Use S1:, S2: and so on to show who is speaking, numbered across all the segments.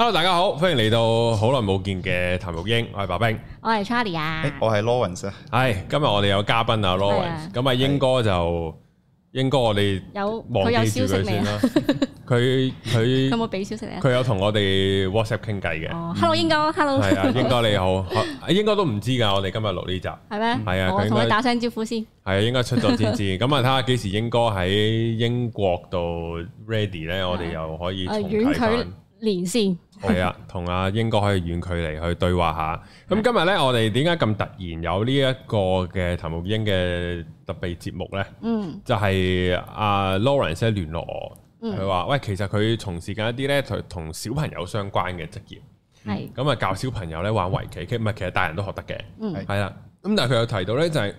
S1: hello，大家好，歡迎嚟到好耐冇見嘅談育鷹，我係白兵，我係 Charlie 啊，我係 Lawrence 啊，係今日我哋有嘉賓啊，Lawrence，咁啊英哥就英哥我哋有忘記住佢先啦，佢佢有
S2: 冇俾消息你啊？佢有
S1: 同我哋 WhatsApp 傾偈嘅，hello
S2: 英哥，hello，係啊，英哥你
S1: 好，英哥都唔知噶，我哋今日錄呢集
S2: 係咩？係啊，同佢打聲招呼先，
S1: 係啊，應該出咗先知，咁啊睇下幾時英哥喺英國度 ready 咧，我哋又可以重
S2: 啟翻連線。
S1: 係啊，同阿 鷹哥可以遠距離去對話下。咁的今日咧，我哋點解咁突然有呢一個嘅談育鷹嘅特別節目咧？嗯，就係阿 Lawrence 聯聯絡我，
S3: 佢話、嗯：
S1: 喂，其實佢從事緊一啲咧同同小朋友相關嘅職業。係
S3: 的。咁
S1: 啊，教小朋友咧玩圍棋，其實唔係，其實大人都學得嘅。嗯。係啦。咁但係佢又提到咧、就是，就係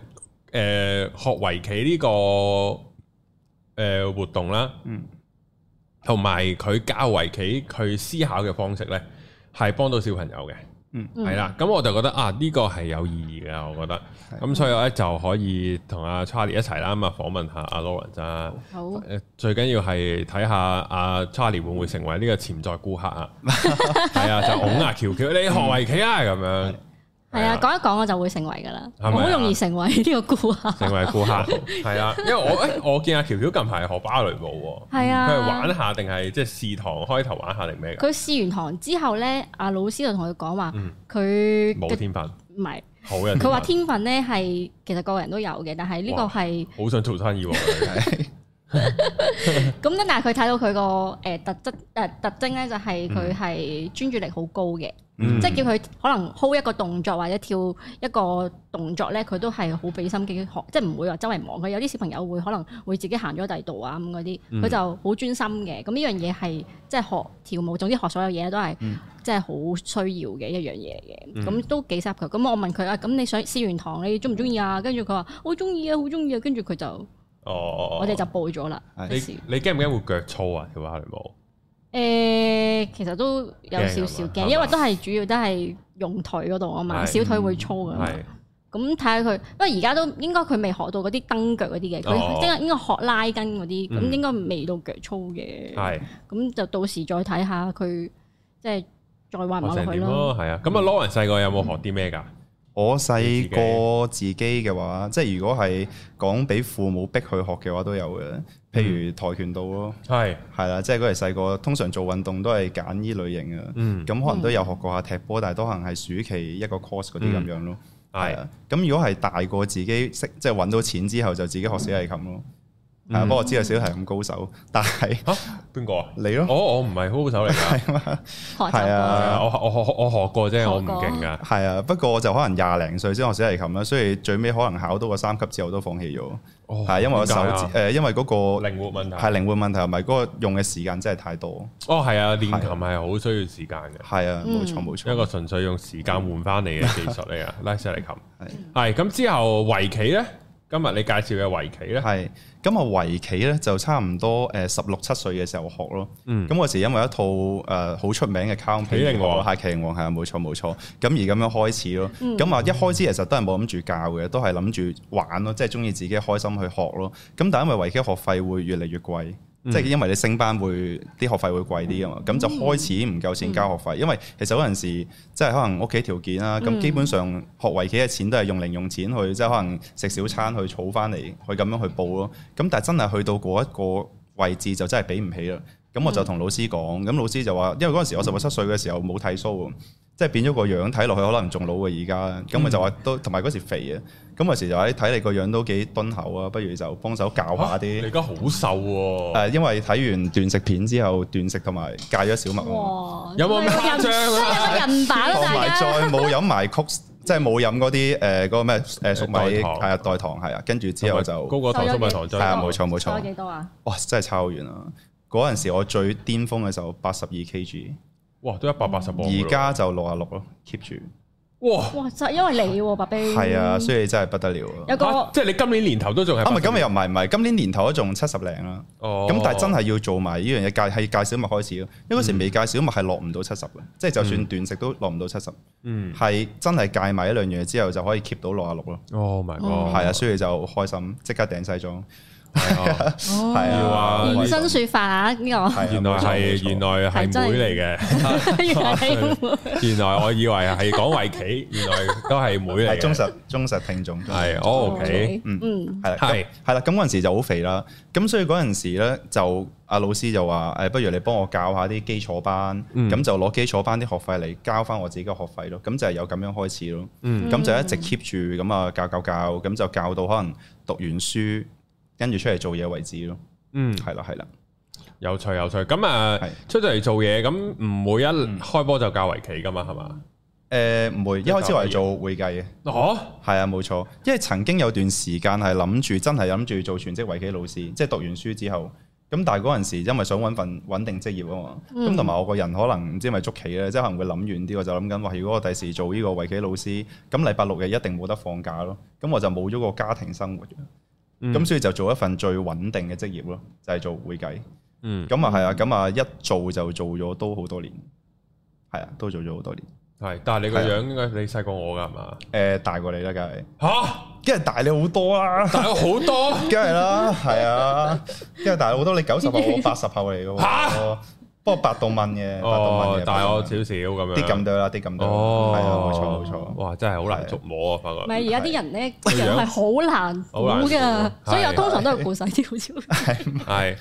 S1: 誒學圍棋呢個誒活動啦。嗯。同埋佢教圍棋，佢思考嘅方式呢，係幫到小朋友嘅，嗯，係啦。咁我就覺得啊，呢、這個係有意義嘅，我覺得。咁、嗯、所以我咧就可以同阿 Charlie 一齊啦，咁啊訪問下阿 Lawrence a 咋？好。
S3: 誒，
S1: 最緊要係睇下阿 Charlie 會唔會成為呢個潛在顧客好啊？係啊，就拱啊喬喬，你學圍棋啊咁、嗯、樣。
S2: 係啊，講一講我就會成為噶啦，我好容易成為呢個顧客。成為顧客，係
S1: 啊，因為我我見阿喬喬近排學芭蕾舞，係啊，佢係玩下定係即係試堂開頭玩下定咩？佢
S2: 試完堂之後咧，阿老師就同佢講話，佢冇天分，唔係好人。佢話天分咧係其實個人都有嘅，但係呢個係
S1: 好想做生意。咁
S2: 咧，但係佢睇到佢個誒特質誒特徵咧，就係佢係專注力好高嘅。嗯、即係叫佢可能 hold 一個動作或者跳一個動作咧，佢都係好俾心機學，即係唔會話周圍望佢。有啲小朋友會可能會自己行咗第二度啊，咁嗰啲，佢、嗯、就好專心嘅。咁呢樣嘢係即係學跳舞，總之學所有嘢都係、嗯、即係好需要嘅一樣嘢嘅。咁、嗯、都幾適合佢。咁我問佢啊，咁你想試完堂你中唔中意啊？跟住佢話好中意啊，好中意啊。跟住佢就
S1: 哦，我哋
S2: 就報咗啦。
S1: 的你你驚唔驚會腳粗啊？佢跳芭蕾舞？
S2: 誒、欸，其實都有少少驚，因為都係主要都係用腿嗰度啊嘛，的小腿會粗啊，咁睇下佢，不的過而家都應該佢未學到嗰啲蹬腳嗰啲嘅，佢即係應該學拉筋嗰啲，咁、哦嗯、應該未到腳粗嘅。係的，咁就到時再睇下佢，即係再話唔話落去咯。
S1: 係啊，咁啊、嗯，Lawrence 細個有冇學啲咩㗎？嗯我
S4: 細個自己嘅話，即係如果係講俾父母逼佢學嘅話，都有嘅。譬如跆拳道咯，係係啦，即係嗰時細個通常做運動都係揀呢類型嘅。咁、嗯、可能都有學過下踢波，但係都可能係暑期一個 course 嗰啲咁樣咯。係啊，咁如果係大個自己識，即係搵到錢之後就自己學小提琴咯。嗯
S1: 不過我知道小提琴
S4: 高手，但係邊個啊？你咯？我我唔係高手嚟㗎，
S1: 係啊！
S4: 我我我學過啫，我唔勁㗎。係啊，不過我就可能廿零歲先學小提琴啦，所以最尾可能考到個三級之後都放棄咗。
S1: 係因為我手指
S4: 誒，因為嗰個靈活問題係靈活問題，係咪嗰個用嘅時間真係太多。
S1: 哦，係啊，練琴係好需要時間嘅。係啊，冇錯冇錯，一個純粹用時間換翻嚟嘅技術嚟啊！拉小提琴係係咁，之後圍棋咧。今日你介紹嘅圍棋咧，係咁啊，
S4: 圍棋咧就差唔多誒十六七歲嘅時候學咯。咁嗰、嗯、時因為一套誒好出名嘅《卡通片棋靈王》，下棋靈王，係啊，冇錯冇錯，咁而咁樣開始咯。咁啊、嗯、一開始其實都係冇諗住教嘅，都係諗住玩咯，即係鍾意自己開心去學咯。咁但係因為圍棋學費會越嚟越貴。即係因為你升班會啲學費會貴啲啊嘛，咁、嗯、就開始唔夠錢交學費，嗯、因為其實嗰陣時即係可能屋企條件啦，咁、嗯、基本上學圍棋嘅錢都係用零用錢去，即係可能食小餐去儲翻嚟去咁樣去報咯。咁但係真係去到嗰一個位置就真係俾唔起啦。咁我就同老師講，咁、嗯、老師就話，因為嗰陣時我十六七歲嘅時候冇剃鬚啊。即係變咗個樣，睇落去可能仲老過而家咁咪就話都同埋嗰時肥啊，咁嗰時就喺睇、欸、你個樣都幾敦厚啊，不如就幫手教下啲、啊。你而家好瘦喎、啊！因為睇完斷食片之後，斷食同埋戒咗小麥哇有冇咁誇張
S2: 啊？飲飽， 飲
S4: 埋再冇飲埋曲，即係冇飲嗰啲誒嗰個咩誒粟米誒代糖係啊，跟住之後就高過糖粟米糖係啊，冇錯冇錯。
S2: 減
S4: 咗幾多啊？哇、哦！真係抄完啊。嗰陣時我最巔峰嘅時候八十二 kg。哇，都一百八十磅而家就六啊六咯，keep 住。
S2: 哇哇，就因為你喎，白兵。
S3: 係啊，所
S4: 以真係不得了。有個即係你今年年頭都仲係。啊咪，今日又唔係唔係，今年年頭都仲七十零啦。哦。
S1: 咁但係真係
S4: 要做埋呢樣嘢戒係戒小物開始咯。因為嗰時未戒小物係落唔到七十嘅，即係就算斷食都落唔到七十。
S1: 嗯。係
S4: 真係戒埋一兩樣嘢之後就可以 keep 到六啊六咯。哦 My God 係啊，所以就開心，即刻頂晒咗。
S1: 係啊，要現身說
S2: 法呢個，原來
S1: 係 原來係是妹嚟嘅，
S4: 原
S1: 來我以為係講圍棋， 原來都係妹嚟嘅
S4: 忠實忠實聽眾係、 哦，OK，嗯，係啦，係啦是，咁嗰陣時就好肥啦，咁所以嗰陣時咧就阿老師就話，誒，不如你幫我教下啲基礎班，咁、嗯、就攞基礎班啲學費嚟交翻我自己嘅學費咯，咁就係有咁樣開始咯，咁就一直 keep 住咁啊教教教，咁就教到可能讀完書。跟住出嚟做嘢為
S1: 止咯。嗯，係啦，係啦，有趣，有趣。咁啊，的出咗嚟做嘢，咁唔會一開波就教圍棋噶嘛？係嘛、呃？誒，唔會。一開始我係做會計
S4: 嘅。哦，係啊，冇錯。因為曾經有段時間係諗住，真係諗住做全職圍棋老師，即係讀完書之後。咁但係嗰陣時，因為想搵份穩定職業啊嘛。咁同埋我個人可能唔知係咪捉棋咧，即係可能會諗遠啲。我就諗緊話，如果我第時做呢個圍棋老師，咁禮拜六日一定冇得放假咯。咁我就冇咗個家庭生活。咁、嗯、所以就做一份最穩定嘅職業咯，就係、是、做會計。咁啊係啊，咁啊一做就做咗都好多年，係啊，都做咗好多年。
S1: 係，但係你個樣應該、啊、你細過我㗎係嘛？誒、呃、大
S4: 過你啦，梗係吓？梗係哈大你好多啦、啊，大咗好多，梗係啦，係啊，因為大我好多，你九十後我八十後嚟㗎喎。 啊不過百度問嘅，百度問哦，大我少少咁樣，啲咁多啦，啲咁多，哦，冇錯冇錯，哇，真係好難捉摸啊，
S1: 發覺。唔係，而
S2: 家啲人咧，人係好難估嘅，所以我通常都係估細啲好少。
S1: 係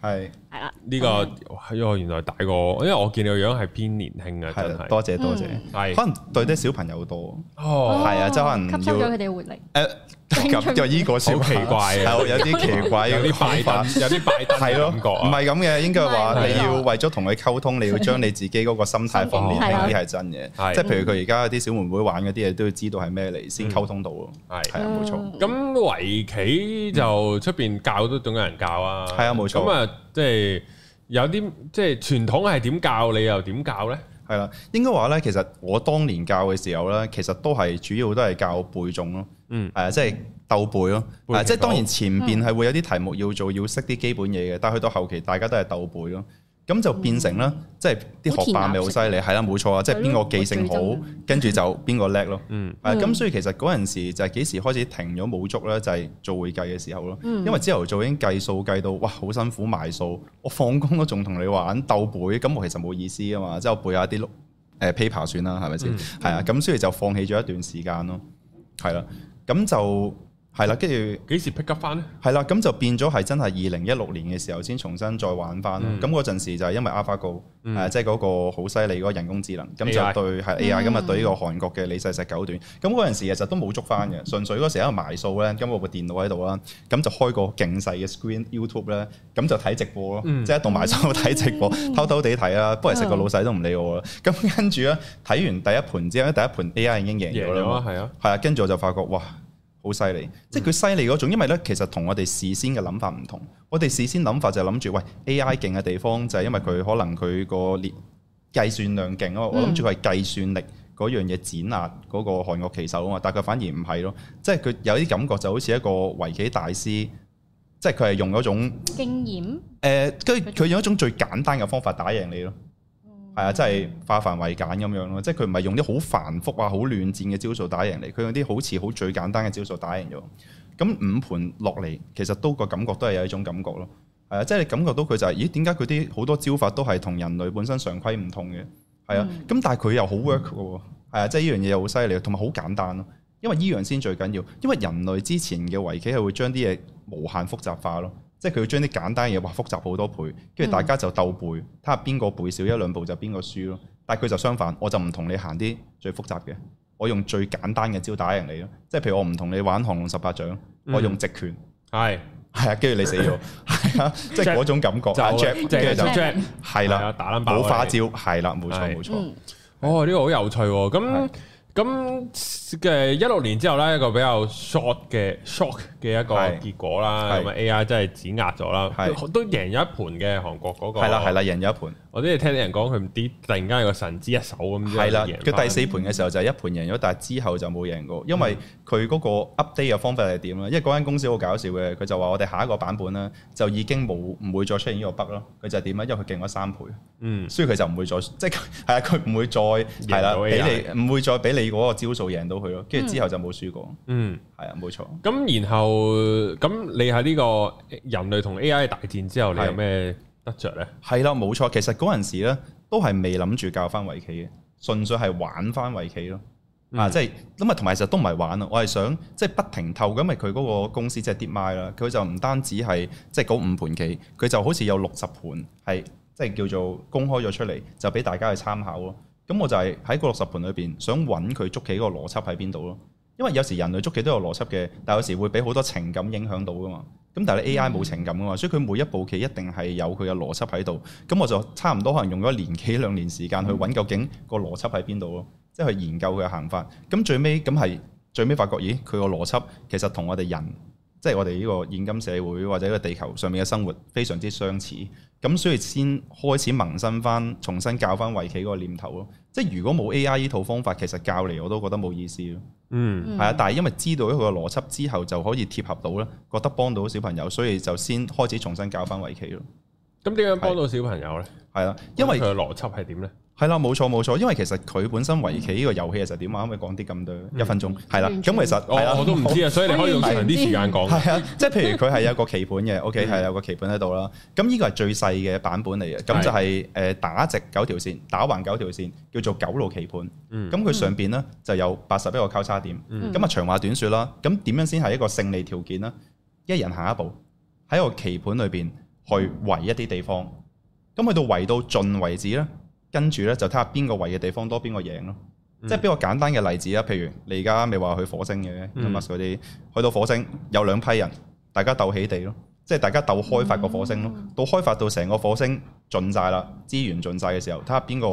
S1: 係係啦，呢個係我原來大個，因為我見你個樣係偏年輕嘅，多謝多謝，係，可能對
S4: 啲小朋友多，哦，係啊，即係可能吸收咗佢哋活力，誒。咁就依個小奇怪，有啲奇怪 有，有啲拜登，有啲拜登，係咯，唔係咁嘅，應該話你要為咗同佢溝通，你要將你自己嗰個心態放年輕啲，係真嘅，的即係譬如佢而家啲小妹妹玩嗰啲嘢，都要知道係咩嚟
S1: 先溝通到咯，係，冇錯。咁圍棋就出邊教都仲有人教啊？係啊，冇錯。咁啊，即係有啲即係傳統係點教，你又
S4: 點教咧？係啦，應該話咧，其實我當年教嘅時候咧，其實都係主要都係教背誦咯，嗯，誒，即係鬥背咯，即係當然前邊係會有啲題目要做，要識啲基本嘢嘅，但係去到後期大家都係鬥背咯。咁就變成啦，即係啲學霸咪好犀利，係啦甜，冇錯啊，即係邊個記性好，跟住就邊個叻咯。嗯，啊、嗯，咁所以其實嗰陣時就係幾時開始停咗冇足咧，就係、是、做會計嘅時候咯。因為朝頭早已經計數計到，哇，好辛苦埋數，我放工都仲同你玩鬥背，咁我其實冇意思啊嘛。之後背下啲碌誒 paper 算啦，係咪先？係啊、嗯，咁、嗯、所以就放棄咗一段時間咯。係啦，咁就。係啦，跟住幾時 pick up 翻咧？係啦，咁就變咗係真係二零一六年嘅時候先重新再玩翻咯。咁嗰陣時就係因為 AlphaGo，即係嗰、嗯啊就是、個好犀利嗰個人工智能，咁就對係 AI, AI 今日對呢個韓國嘅李世石九段。咁嗰陣時其實都冇捉翻嘅，嗯、純粹嗰時喺度埋數咧。咁我部電腦喺度啦，咁就開個勁細嘅 screen YouTube 咧，咁就睇直播咯，即係喺度埋數睇直播，偷偷地睇啦。不過嚟食個老細都唔理我啦。咁跟住咧睇完第一盤之後咧，第一盤 AI 已經贏咗啦啊。係 啊，跟住我就發覺哇！好犀利，即係佢犀利嗰種，因為咧其實同我哋事先嘅諗法唔同。我哋事先諗法就係諗住，喂 A I 勁嘅地方就係因為佢可能佢個列計算量勁咯。嗯、我諗住佢係計算力嗰樣嘢碾壓嗰個韓國棋手啊嘛，但係佢反而唔係咯。即係佢有啲感覺就好似一個圍棋大師，即係佢係用一種經驗，誒、呃，佢用一種最簡單嘅方法打贏你咯。係啊，真係化繁為簡咁樣咯，即係佢唔係用啲好繁複啊、好亂戰嘅招數打贏你，佢用啲好似好最簡單嘅招數打贏咗。咁五盤落嚟，其實都個感覺都係有一種感覺咯。係啊，即係你感覺到佢就係、是，咦？點解佢啲好多招法都係同人類本身常規唔同嘅？係啊，咁、嗯、但係佢又好 work 喎。係啊，即係呢樣嘢又好犀利，同埋好簡單咯。因為呢樣先最緊要，因為人類之前嘅圍棋係會將啲嘢無限複雜化咯。即係佢要將啲簡單嘢畫複雜好多倍，跟住大家就鬥背，睇下邊個背少一兩步就邊個輸咯。但係佢就相反，我就唔同你行啲最複雜嘅，我用最簡單嘅招打贏你咯。即係譬如我唔同你玩降龍十八掌，我用直拳，係係啊，跟住你死咗，係啊，即係嗰種感覺就係，
S1: 係啦，打冇花招，係啦，冇錯冇錯，哦，呢個好有趣喎，咁。咁嘅一六年之後咧，一個比較 short 嘅 short 嘅一個結果啦，咁啊 AI 真係指壓咗啦，是都贏咗一盤嘅韓國嗰個，係啦，係啦，贏咗一盤。我都係聽啲人講佢唔知突然間有個神之一手咁樣贏。係啦，佢第四盤嘅
S4: 時候就係一盤贏咗，但係之後就冇贏過，因為佢嗰個 update 嘅方法係點啦？因為嗰間公司好搞笑嘅，佢就話我哋下一個版本咧就已經冇唔會再出現呢個 bug 咯。佢就點咧？因為佢勁咗三倍，嗯，所以佢就唔會再即係啊，佢、就、唔、是、會再係啦，俾了你唔會再俾你嗰個招數贏到佢咯。跟住、嗯、之後就冇輸過。嗯，係啊，冇錯。
S1: 咁然後咁你喺呢個人類同 A I 大戰之後，你有咩？得着咧？係啦，冇錯，其實嗰陣時咧都係未諗
S4: 住教翻圍棋嘅，純粹係玩翻圍棋咯，嗯、啊，即係咁啊，同埋其實都唔係玩啊，我係想即係、就是、不停透，因為佢嗰個公司即係 DeepMind 啦，佢就唔單止係即係嗰五盤棋，佢就好似有六十盤係即係叫做公開咗出嚟，就俾大家去參考咯。咁我就係喺嗰六十盤裏邊想揾佢捉棋個邏輯喺邊度咯。因為有時人類捉棋都有邏輯嘅，但係有時會俾好多情感影響到噶嘛。咁但係你 A.I. 冇情感噶嘛，所以佢每一步棋一定係有佢嘅邏輯喺度。咁我就差唔多可能用咗年幾兩年時間去揾究竟個邏輯喺邊度咯，即係、嗯、去研究佢嘅行法。咁最尾咁係最尾發覺，咦，佢個邏輯其實同我哋人，即係我哋呢個現今社會或者個地球上面嘅生活非常之相似。咁所以先開始萌生翻，重新教翻圍棋嗰個念頭咯。即係如果冇 AI 呢套方法，其實教嚟我都覺得冇意思咯。
S3: 嗯，係啊，但係
S4: 因為知道咗佢個邏輯之後，就可以貼合到啦，覺得幫到小朋友，所以就先開始重新教翻圍棋咯。咁點樣幫到小朋友咧？係啦，因為佢嘅邏輯係點咧？係啦，冇錯冇錯，因為其實佢本身圍棋呢個遊戲嘅時候點啊，可唔可以講啲咁多一分鐘，係啦，咁其實，我都唔知啊，所以你可以用長啲時間講，係啊，即係譬如佢係有個棋盤嘅，OK 係有個棋盤喺度啦，咁呢個係最細嘅版本嚟嘅，咁就係誒打直九條線，打橫九條線，叫做九路棋盤，咁佢上邊咧就有八十一個交叉點，咁啊長話短說啦，咁點樣先係一個勝利條件呢？一人行一步，喺個棋盤裏邊去圍一啲地方，咁去到圍到盡為止咧。跟住咧就睇下邊個圍嘅地方多，邊個贏咯。嗯、即係比較簡單嘅例子啦。譬如你而家未話去火星嘅，咁佢哋去到火星，有兩批人，大家鬥起地咯。即係大家鬥開發個火星咯。嗯、到開發到成個火星盡晒啦，資源盡晒嘅時候，睇下邊個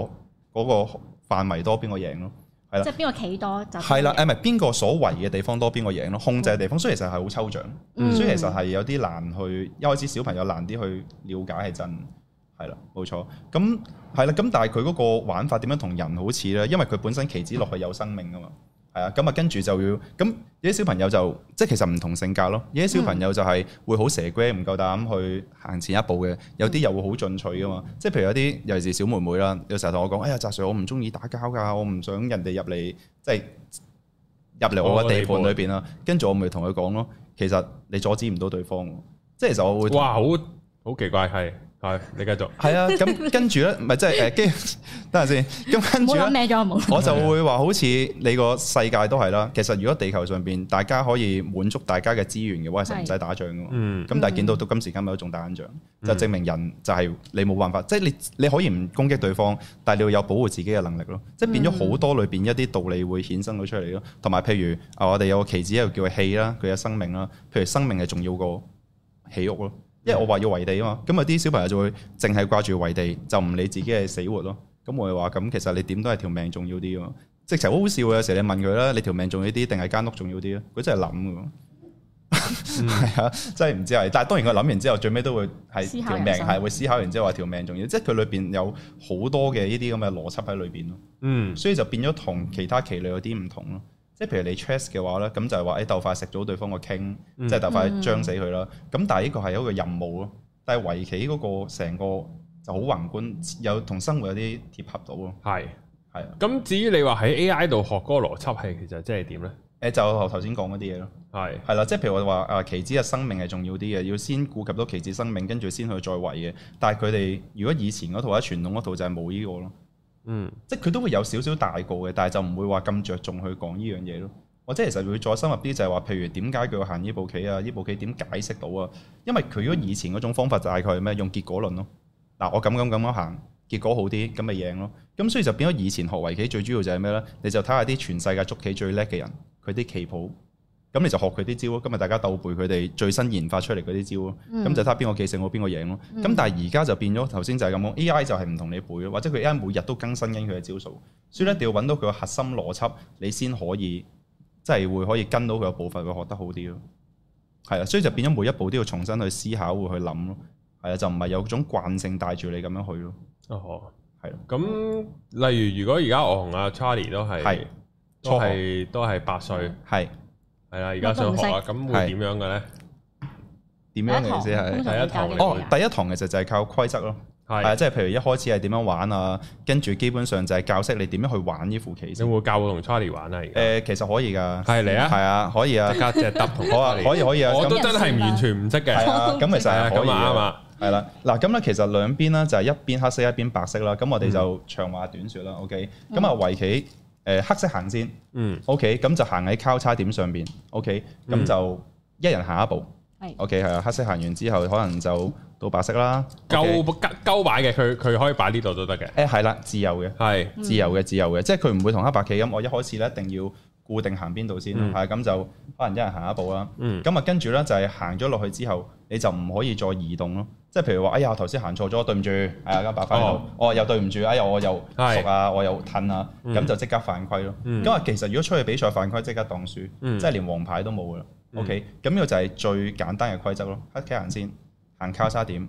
S4: 嗰、嗰個範圍多，邊個贏咯。係啦，即
S2: 係邊個企多就係
S4: 啦。誒咪邊個所圍嘅地方多，邊個贏咯。控制地方雖然抽，所以其實係好抽象，所以其實係有啲難去。一開始小朋友難啲去了解係真。係啦，冇錯。咁係啦，咁但係佢嗰個玩法點樣同人好似咧？因為佢本身棋子落係有生命噶嘛。係啊，咁啊跟住就要，咁有啲小朋友就即係其實唔同性格咯。有啲小朋友就係會好蛇龜，唔夠膽去行前一步嘅。有啲又會好進取噶嘛。即係譬如有啲尤其是小妹妹啦，有時候同我講，哎呀，澤 Sir，我唔中意打交㗎，我唔想人哋入嚟，即係
S1: 入嚟我嘅地盤裏邊啦。
S4: 哦、跟住我咪同佢講咯，其實你阻止唔到對方。即係其實我會哇，好好奇怪，係。係，你繼續。係啊，咁跟住咧，唔係即係誒，跟、呃，等下先，
S2: 咁跟住 我就會
S4: 話好似你個世界都係啦。其實如果地球上邊大家可以滿足大家嘅資源嘅話，其實唔使打仗噶咁、嗯、但係見到到今時今日都仲打緊仗，嗯、就證明人就係你冇辦法，即係、嗯、你你可以唔攻擊對方，但係你要有保護自己嘅能力咯。即係、嗯、變咗好多裏邊一啲道理會衍生到出嚟咯。同埋譬如啊，我哋有個棋子叫做氣啦，佢嘅生命啦，譬如生命係重要過起屋咯。即係我話要圍地啊嘛，咁啊啲小朋友就會淨係掛住圍地，就唔理自己係死活咯。咁我又話咁，其實你點都係條命重要啲啊！即係其實好好笑啊，有時你問佢啦，你條命重要啲定係間屋重要啲啊？佢真係諗噶，係 啊，真係唔知係。但係當然佢諗完之後，最尾都會係條命係會思考完之後話條命重要，即係佢裏邊有好多嘅呢啲咁嘅邏輯喺裏邊咯。嗯，所以就變咗同其他棋類有啲唔同咯。即係譬如你 Chess 嘅話咧，咁就係話你鬥快食咗對方個 King，嗯、即係鬥快將死佢啦。咁、嗯、但係呢個係一個任務咯。但係圍棋嗰個成個就好宏觀，有同生活有啲貼合到咯。係
S1: 係是。咁、啊、至於你話喺 AI 度學嗰個邏輯係其實即係點咧？誒就
S4: 頭先講嗰啲嘢咯。係係啦，即係、啊、譬如我話啊，棋子嘅生命係重要啲嘅，要先顧及到棋子生命，跟住先去再圍嘅。但係佢哋如果以前嗰套或者傳統嗰套就係冇呢個咯。嗯，即係佢都會有少少大個嘅，但係就唔會話咁着重去講呢樣嘢咯。或者其實會再深入啲就係話，譬如點解佢會行呢步棋啊？呢步棋點解釋到啊？因為佢如果以前嗰種方法就係佢咩用結果論咯。嗱、啊，我咁咁咁樣行，結果好啲，咁咪贏咯。咁所以就變咗以前學圍棋最主要就係咩咧？你就睇下啲全世界捉棋最叻嘅人，佢啲棋譜。咁你就學佢啲招，今日大家鬥背佢哋最新研發出嚟嗰啲招，咁、嗯、就睇下邊個記性好，邊個贏咯。咁、嗯、但係而家就變咗，頭先就係咁講，AI 就係唔同你背咯，或者佢 AI 每日都更新緊佢嘅招數，所以一定要揾到佢嘅核心邏輯，你先可以即係、就是、會可以跟到佢嘅步伐，會學得好啲咯。係啊，所以就變咗每一步都要重新去思考，會去諗咯。係啊，就唔係有種慣性帶住你咁樣去咯。哦，係。咁
S1: 例如如果而家我同阿 Charlie 都係的學都係都係八歲，係。係啦，而家上學啊，咁會點樣嘅咧？點樣嘅意思係第一堂？
S4: 哦，第一堂其實就係靠規則咯，係啊，即係譬如一開始係點樣玩啊，跟住基本上就係教識你點樣去玩呢副棋。你會教我同 Charlie 玩啊？誒，其實可以噶，係嚟啊，係啊，可以啊，即刻隻揪同 Charlie，可以可以啊。我都真係完全
S1: 唔識嘅，係啦，咁其實係可以嘛啱啊，
S4: 係啦，嗱，咁咧其實兩邊咧就係一邊黑色一邊白色啦，咁我哋就長話短説啦，OK，咁啊圍棋。誒、呃、黑色行先，嗯，OK，咁就行喺交叉點上邊，OK，咁、嗯、就一人行一步，係，OK，係啊，黑色行完之後，可能就到白色啦、okay，夠夠夠擺嘅，佢佢可以擺呢度都得嘅，誒係啦，自由嘅，係是自由嘅，自由嘅，即係佢唔會同黑白棋咁，我一開始咧一定要固定行邊度先，係咁、嗯啊、就可能一人行一步啦，咁啊、嗯、跟住咧就係行咗落去之後，你就唔可以再移動咯。即係譬如話，哎呀，我頭先行錯咗，對唔住，係啊，咁擺翻度，哦，又對唔住，哎呀，我又熟啊，我又褪啊，咁就即刻犯規咯。咁啊，其實如果出去比賽犯規，即刻當輸，即係連黃牌都冇噶啦。OK，咁呢個就係最簡單嘅規則咯。黑棋行先，行交叉點，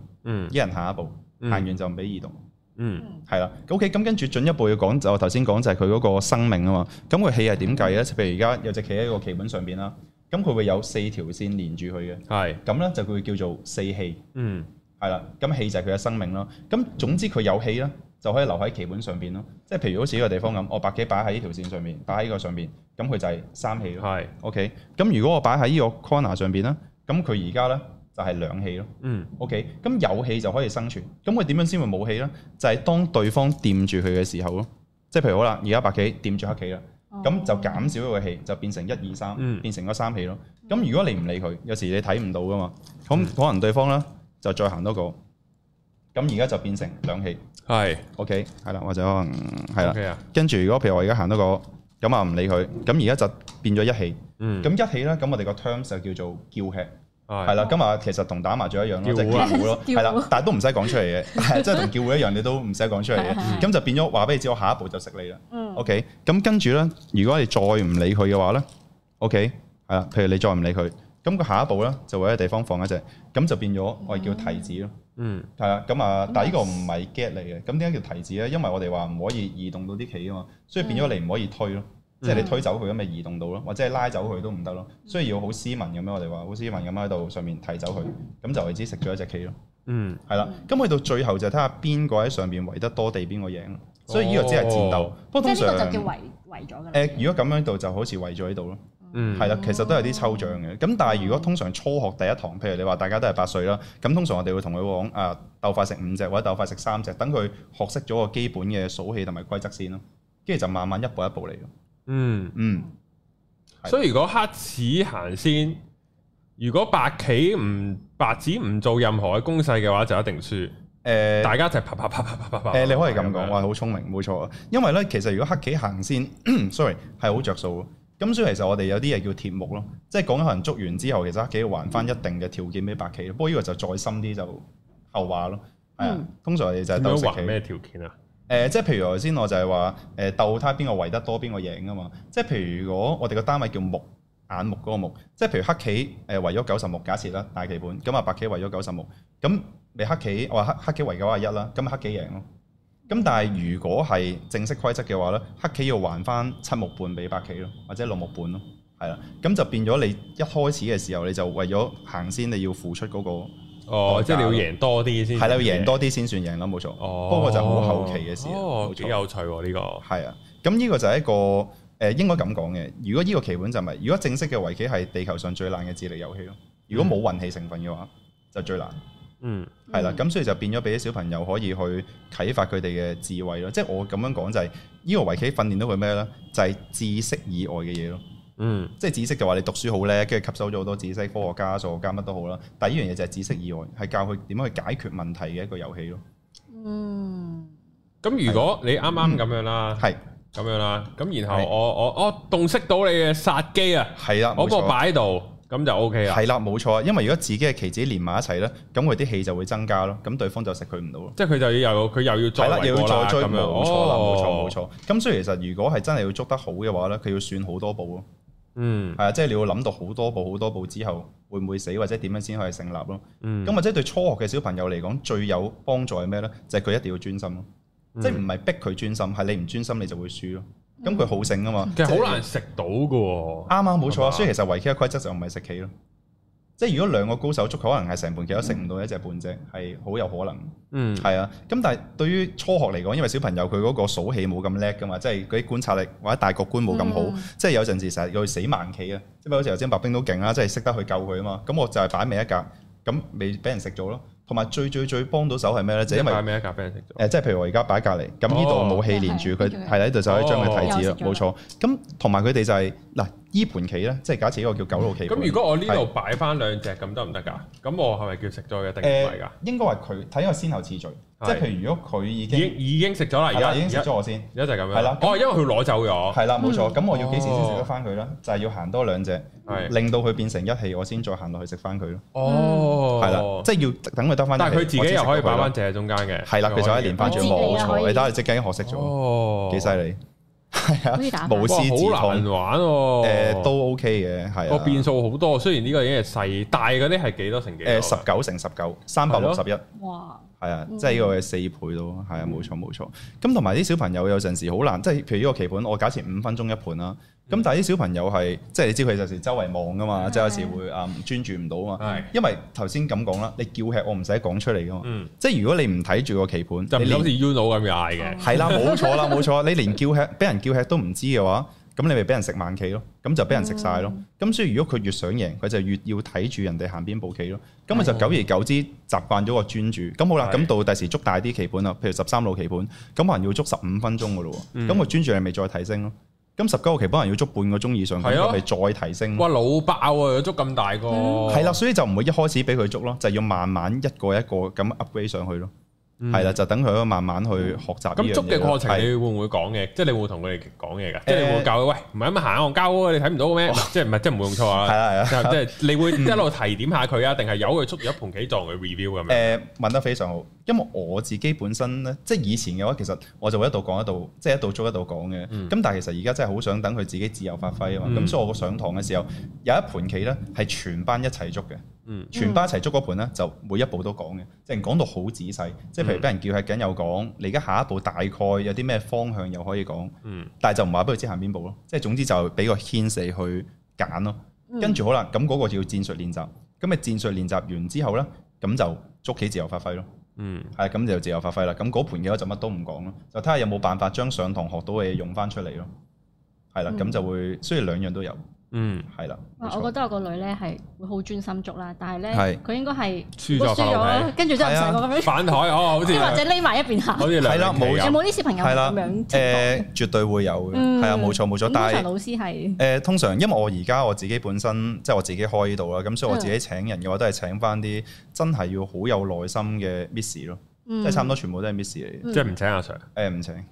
S4: 一人行一步，行完就唔俾移動。嗯，係啦。OK，咁跟住進一步要講就係頭先講就係佢嗰個生命啊嘛。咁佢氣係點計咧？譬如而家有隻棋喺個棋盤上邊啦，咁佢會有四條線連住佢嘅。係，咁咧就佢會叫做四氣。嗯。係啦，咁氣就係佢嘅生命咯。咁總之佢有氣啦，就可以留喺棋盤上邊咯。即係譬如好似呢個地方咁，我白棋擺喺呢條線上邊，擺喺呢個上邊，咁佢就係三氣咯。係是，OK。咁如果我擺喺呢個 corner 上邊啦，咁佢而家咧就係兩氣咯。嗯，OK。咁有氣就可以生存。咁佢點樣先會冇氣咧？就係、是、當對方掂住佢嘅時候咯。即係譬如好啦，而家白棋掂住黑棋啦，咁、哦、就減少一個氣，就變成一二三，變成個三氣咯。咁如果你唔理佢，有時你睇唔到噶嘛，咁可能對方啦。就再行多個，咁而家就變成兩氣。係，OK，係啦，或者可能係啦。OK 啊。跟住如果譬如我而家行多個，咁啊唔理佢，咁而家就變咗一氣。嗯。咁一氣咧，咁我哋個 terms 就叫做叫吃，係。係啦，今日其實同打麻雀一樣咯，即叫糊咯，係啦，但係都唔使講出嚟嘅，即係同叫糊一樣，你都唔使講出嚟嘅。咁就變咗話俾你知，我下一步就食你啦。OK，咁跟住咧，如果你再唔理佢嘅話咧，OK，係啦，譬如你再唔理佢。咁佢下一步咧就會喺一個地方放一隻，咁就變咗我哋叫提子咯。嗯，係啊，咁啊，但係呢個唔係 get 嚟嘅。咁點解叫提子咧？因為我哋話唔可以移動到啲棋啊嘛，所以變咗你唔可以推咯，嗯、即係你推走佢咁咪移動到咯，嗯、或者係拉走佢都唔得咯，所以要好斯文咁樣，我哋話好斯文咁樣喺度上面提走佢，咁、嗯、就為之食咗一隻棋咯。嗯，係啦，咁去到最後就睇下邊個喺上面圍得多地，邊個贏。嗯、所以呢個只係戰鬥。哦、通常即係呢個
S3: 就叫圍
S4: 圍咗㗎。了如果咁樣度就好似圍咗喺度咯。嗯，係啦，其實都係啲抽象嘅。咁但係如果通常初學第一堂，譬如你話大家都係八歲啦，咁通常我哋會同佢講啊，鬥快食五隻或者鬥快食三隻，等佢學識咗個基本嘅數氣同埋規則先咯。跟住就慢慢一步一步嚟
S1: 咯。嗯嗯，所以如果黑棋行先，如果白棋唔白子唔做任何嘅攻勢嘅話，就一定輸。誒，大家就啪啪啪啪啪啪啪。你
S4: 可以咁講，我係好聰明，冇錯啊。因為咧，其實如果黑棋行先，sorry，係好着數。咁所以其實我哋有啲係叫貼目咯，即係講可能捉完之後，其實黑棋要還翻一定嘅條件俾白棋咯。不過呢個就再深啲就後話咯。係啊、嗯，通常我哋就係鬥食棋咩條件啊？誒、呃，即係譬如頭先我就係話誒鬥睇邊個圍得多，邊個贏啊嘛。即係譬如如果我哋個單位叫目眼目嗰個目，即係譬如黑棋誒圍咗九十目，假設啦大棋盤，咁啊白棋圍咗九十目，咁你黑棋我話黑黑棋圍九啊一啦，咁黑，黑，黑棋贏咯。咁但係如果係正式規則嘅話咧，黑棋要還翻七目半俾白棋咯，或者六目半咯，係啦。咁就變咗你一開始嘅時候，你就為咗行先，你要付出嗰個，哦，即係你要贏
S1: 多啲先，係啦，要贏多
S4: 啲先算贏啦，冇錯哦哦。哦，不過就好後期嘅事。
S1: 哦，幾有趣
S4: 喎呢個，個，個。係、呃、啊，咁呢個就係一個誒應該咁講嘅。如果呢個棋盤就唔、是、係，如果正式嘅圍棋係地球上最難嘅智力遊戲咯。如果冇運氣成分嘅話，嗯、就最難。嗯，係啦，咁所以就變咗俾啲小朋友可以去啟發佢哋嘅智慧咯。即係我咁樣講就係呢個圍棋訓練到佢咩咧？就係、是就是這個就是、知識以外嘅嘢咯。嗯，即係知識就話你讀書好叻，跟住吸收咗好多知識，科學家、數學家乜都好啦。但係呢樣嘢就係知識以外，係教佢點樣去解決問題嘅一個遊戲咯。嗯，
S1: 咁如果你啱啱咁樣啦，係咁樣啦，咁然後我是我我洞悉、哦、到你嘅殺機啊，係啦、啊，我嗰個擺喺度。咁
S4: 就 O K 啊，係啦，冇錯啊，因為如果自己嘅棋子連埋一齊咧，咁佢啲氣就會增加咯，咁對方就食佢唔到
S1: 咯。即係佢就要又佢又要再追，啦、哦，咁樣冇錯啦，冇錯冇錯。
S4: 咁所以其實如果係真係要捉得好嘅話咧，佢要算好多步咯。嗯，係啊，即係你要諗到好多步好多步之後會唔會死或者點樣先可以成立咯。嗯，咁或者對初學嘅小朋友嚟講最有幫助係咩咧？就係、是、佢一定要專心咯，嗯、即係唔係逼佢專心，係你唔專心你就會輸咯。咁佢好醒啊嘛，但係好難食到嘅喎。啱啊，冇錯啊，所以其實圍棋嘅規則就唔係食棋咯。即係如果兩個高手捉，可能係成盤棋都食唔到一隻半隻，係好、嗯、有可能。嗯，係啊。咁但係對於初學嚟講，因為小朋友佢嗰個數氣冇咁叻嘅嘛，即係佢啲觀察力或者大局觀冇咁好，嗯、即係有陣時成日要去死盲棋啊。即係好似頭先白兵都勁啦，即係識得去救佢啊嘛。咁我就係擺尾一格，咁你俾人食咗咯。同埋最最最幫到手係咩咧？就因為誒，即係、呃、譬如我而家擺隔離，咁呢度冇氣連住佢，係喺度就可以將佢提子咯，冇、哦、錯。咁同埋佢哋就係、是、嗱，依、啊、盤棋咧，即係假
S1: 設依個叫九路棋盤。咁、嗯嗯、如果我呢度擺翻兩隻咁得唔得㗎？咁我係咪叫食咗嘅定唔係
S4: 㗎？應該話佢睇個先後次序。即係，譬如如果佢已經已經食咗啦，而家已經食咗我先，而家就係咁樣。係啦，哦，因為佢攞走咗。係啦，冇錯。咁我要幾時先食得翻佢咧？就係要行多兩隻，令到佢變成一氣，我先再行落去食翻佢咯。哦，係啦，即係要等佢得翻。但係佢自己又可以擺翻隻喺中間嘅。係啦，其實可以連翻轉，冇錯。你睇下，即刻已經學識咗，幾犀利！
S3: 係啊，無師自
S4: 通哇，玩喎、啊呃。都 OK 嘅，係、啊。個、呃、變數好多，雖然呢個已經係細，大嗰啲係幾多成幾多？誒、呃，十九乘十九了，三百六
S3: 十
S4: 一。哇！係啊，嗯、即係呢個係四倍囉啊，係啊，冇錯冇錯。咁同埋啲小朋友有陣時好難，即係譬如呢個棋盤，我假設五分鐘一盤啦。咁但係啲小朋友係，即係你知佢有時周圍望噶嘛，是的 即係有時會啊、嗯、專注唔到啊嘛。是的 因為頭先咁講啦，你叫吃我唔使講出嚟噶嘛。嗯、即係如果你唔睇住個棋盤，就好似
S1: Uno 咁嗌嘅。係連、嗯、啦，冇錯啦，冇
S4: 錯。你連叫吃俾人叫吃都唔知嘅話，咁你咪俾人食晚棋咯。咁就俾人食晒咯。咁、嗯、所以如果佢越想贏，佢就越要睇住人哋行邊步棋咯。咁咪就久而久之習慣咗個專注。咁好啦，咁到第時捉大啲棋盤啦，譬如十三路棋盤，咁可能要捉十五分鐘噶咯。咁，那個專注力咪再提升咯。嗯嗯咁十九期幫人要捉半個鐘以上，佢先可以再提升。哇
S1: 老爆喎、啊，要捉咁大個。係啦、
S4: 啊啊，所以就唔會一開始俾佢捉咯，就要慢慢一個一個咁 upgrade 上，上去咯。係啦，就等佢慢慢去學習。咁、嗯、捉嘅過程，你會
S1: 唔會講嘅？即係你會同佢哋講嘢㗎？即係會教佢喂，唔係咁行下戇鳩你睇唔到咩？即係唔係即係用錯啊？係啊係啊，即係你會一路提點下佢啊，定係由佢捉住一盤棋當佢 review 咁樣？誒、
S4: 呃、問得非常好，因為我自己本身咧，即係以前嘅話，其實我就會一度講一度，即、就、係、是、一度捉一度講嘅。咁、嗯、但係其實而家真係好想等佢自己自由發揮啊嘛。咁、嗯嗯、所以我上堂嘅時候有一盤棋咧，係全班一齊捉嘅。
S3: 嗯，全班一齊
S4: 捉嗰盤咧，就每一步都講嘅，即係講到好仔細。即係、嗯、譬如俾人叫吃緊又講，你而家下一步大概有啲咩方向又可以講。嗯，但係就唔話俾佢知行邊步咯。即係總之就俾個牽線去揀咯。嗯、跟住好啦，咁嗰個叫戰術練習。咁咪戰術練習完之後咧，咁就捉棋自由發揮咯。嗯，係咁就自由發揮啦。咁嗰盤嘅話就乜都唔講咯，就睇下有冇辦法將上堂學到嘅嘢用翻出嚟咯。係啦，咁就會雖然兩樣都有。嗯，係啦。
S2: 我覺得我個女咧係會好專心足啦，但係咧佢應該係輸咗，跟住之後唔使咁樣
S1: 反海。哦，好似或者匿
S2: 埋一邊行，係啦，冇有冇啲小朋友
S1: 咁
S4: 樣誒？絕對會有嘅，係啊，冇錯冇錯。通常老
S2: 師係誒，
S4: 通常因為我而家我自己本身即係我自己開呢度啦，咁所以我自己請人嘅話都係請翻啲真係要好有耐心嘅 miss 咯，
S1: 即係差唔多全
S4: 部都係 miss 嚟嘅，即係唔請阿 Sir。誒唔請。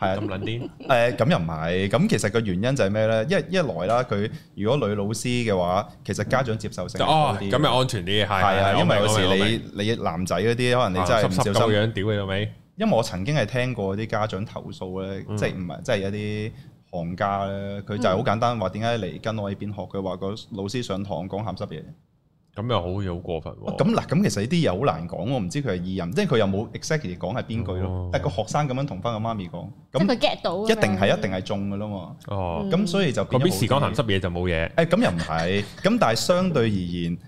S4: 係咁撚啲，誒咁、 啊嗯、又唔係，咁其實個原因就係咩咧？一一來啦，佢如果女老師嘅話，其實家長接受性就高啲，哦咁又
S1: 安全啲，係係啊，的因為有時你、嗯、你
S4: 男仔嗰啲可能你真係唔小心，濕濕鳩樣，屌你老味！因為我曾經係聽過啲家長投訴咧，即係唔係即係一啲行家咧，佢就係好簡單話點解嚟跟我呢邊學？佢話個老師上堂講鹹濕嘢。咁又好嘢，好過分喎、啊！咁嗱、啊，咁其實呢啲嘢好難講喎，我唔知佢係意淫，即係佢又冇 exactly 講係邊句咯。哦、但係個學生咁樣同翻個媽咪講，咁
S2: 佢 get 到，一定係一
S4: 定係中嘅咯嘛。哦，咁所以就個陣時講鹹濕嘢就冇嘢。誒、哦，咁、嗯哎、又唔係，咁 但係相對而言。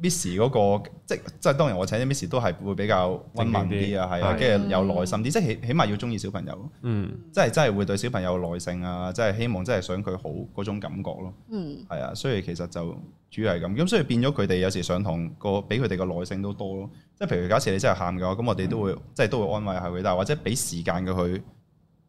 S4: miss 嗰、嗰個即即，即當然我請啲 miss 都係會比較溫文啲啊，係啊，跟住有耐心啲，即係起起碼要中意小朋友，嗯，即係真係會對小朋友耐性啊，即係希望真係想佢好嗰種感覺咯，嗯，係啊，所以其實就主要係咁，咁所以變咗佢哋有時上堂個比佢哋個耐性都多咯，即係譬如假設你真係喊嘅話，咁我哋都會、嗯、即係都會安慰下佢，但係或者俾時間嘅佢。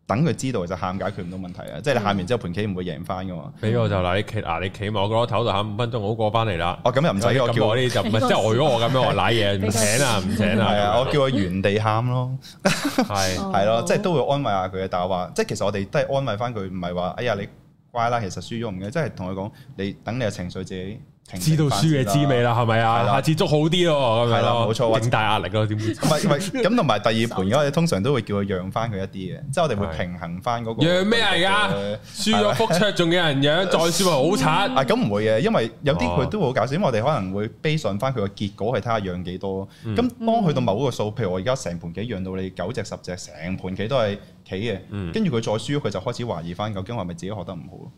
S4: 等佢知道就喊解決唔到問題啊！嗯、即係你喊完之後盤棋唔會贏翻㗎嘛？
S1: 俾我就拉你企，嗱、啊、你企埋我個頭度喊五分鐘，我好過翻嚟啦。哦、啊，咁又唔使我叫我呢？呢啲就唔係即係我如果我咁樣， 我瀨嘢唔請啊，唔請啊。係啊， 我叫佢原
S4: 地喊咯。係係咯，即係都會安慰下佢嘅，但係話即係其實我哋都安慰翻佢，唔係話哎呀你乖啦，其實輸咗唔緊要即係同佢講你等你嘅情緒自己。
S1: 知道輸嘅滋味啦，係咪啊？下次捉好啲咯，咁係啦，冇錯，勁
S4: 大壓力咯。點會唔係唔係咁？同埋第二盤嘅話，我哋通常都會叫佢讓翻佢一啲嘅，即係我哋會平
S1: 衡翻嗰個。讓咩啊而家？輸咗福赤，仲有人讓，再輸咪好慘啊！
S4: 咁唔會嘅，因為有啲佢都好搞笑。因咁我哋可能會 based on 翻佢個結果，係睇下讓幾多。咁當去到某一個數，譬如我而家成盤棋讓到你九隻十隻，成盤棋都係棋嘅。跟住佢再輸，佢就開始懷疑翻，究竟我係咪自己學得唔好？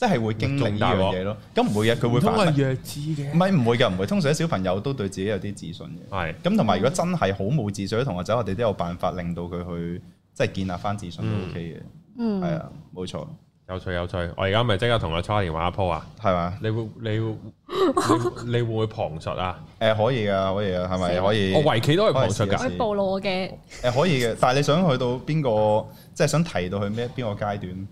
S4: 即係會經歷呢樣嘢咯，咁唔會嘅，佢會。通常弱
S3: 智嘅。唔係
S4: 唔會嘅，唔會。通常啲小朋友都對自己有啲自信嘅。係。咁同埋如果真係好冇自信嘅同學仔，我哋都有辦法令到佢去，即係建立翻自信都 OK 嘅。嗯。係
S3: 啊，
S1: 冇錯。有趣有趣，我而家咪即刻同阿 Charlie 玩一鋪啊？係嘛？你會你會你會唔會旁述啊？
S4: 誒，可以噶，可以噶，係咪可以？我圍棋都係旁述
S1: 㗎。
S2: 暴露我嘅。
S4: 誒，可以嘅，但係你想去到邊個？即係想提到去咩？邊個階段？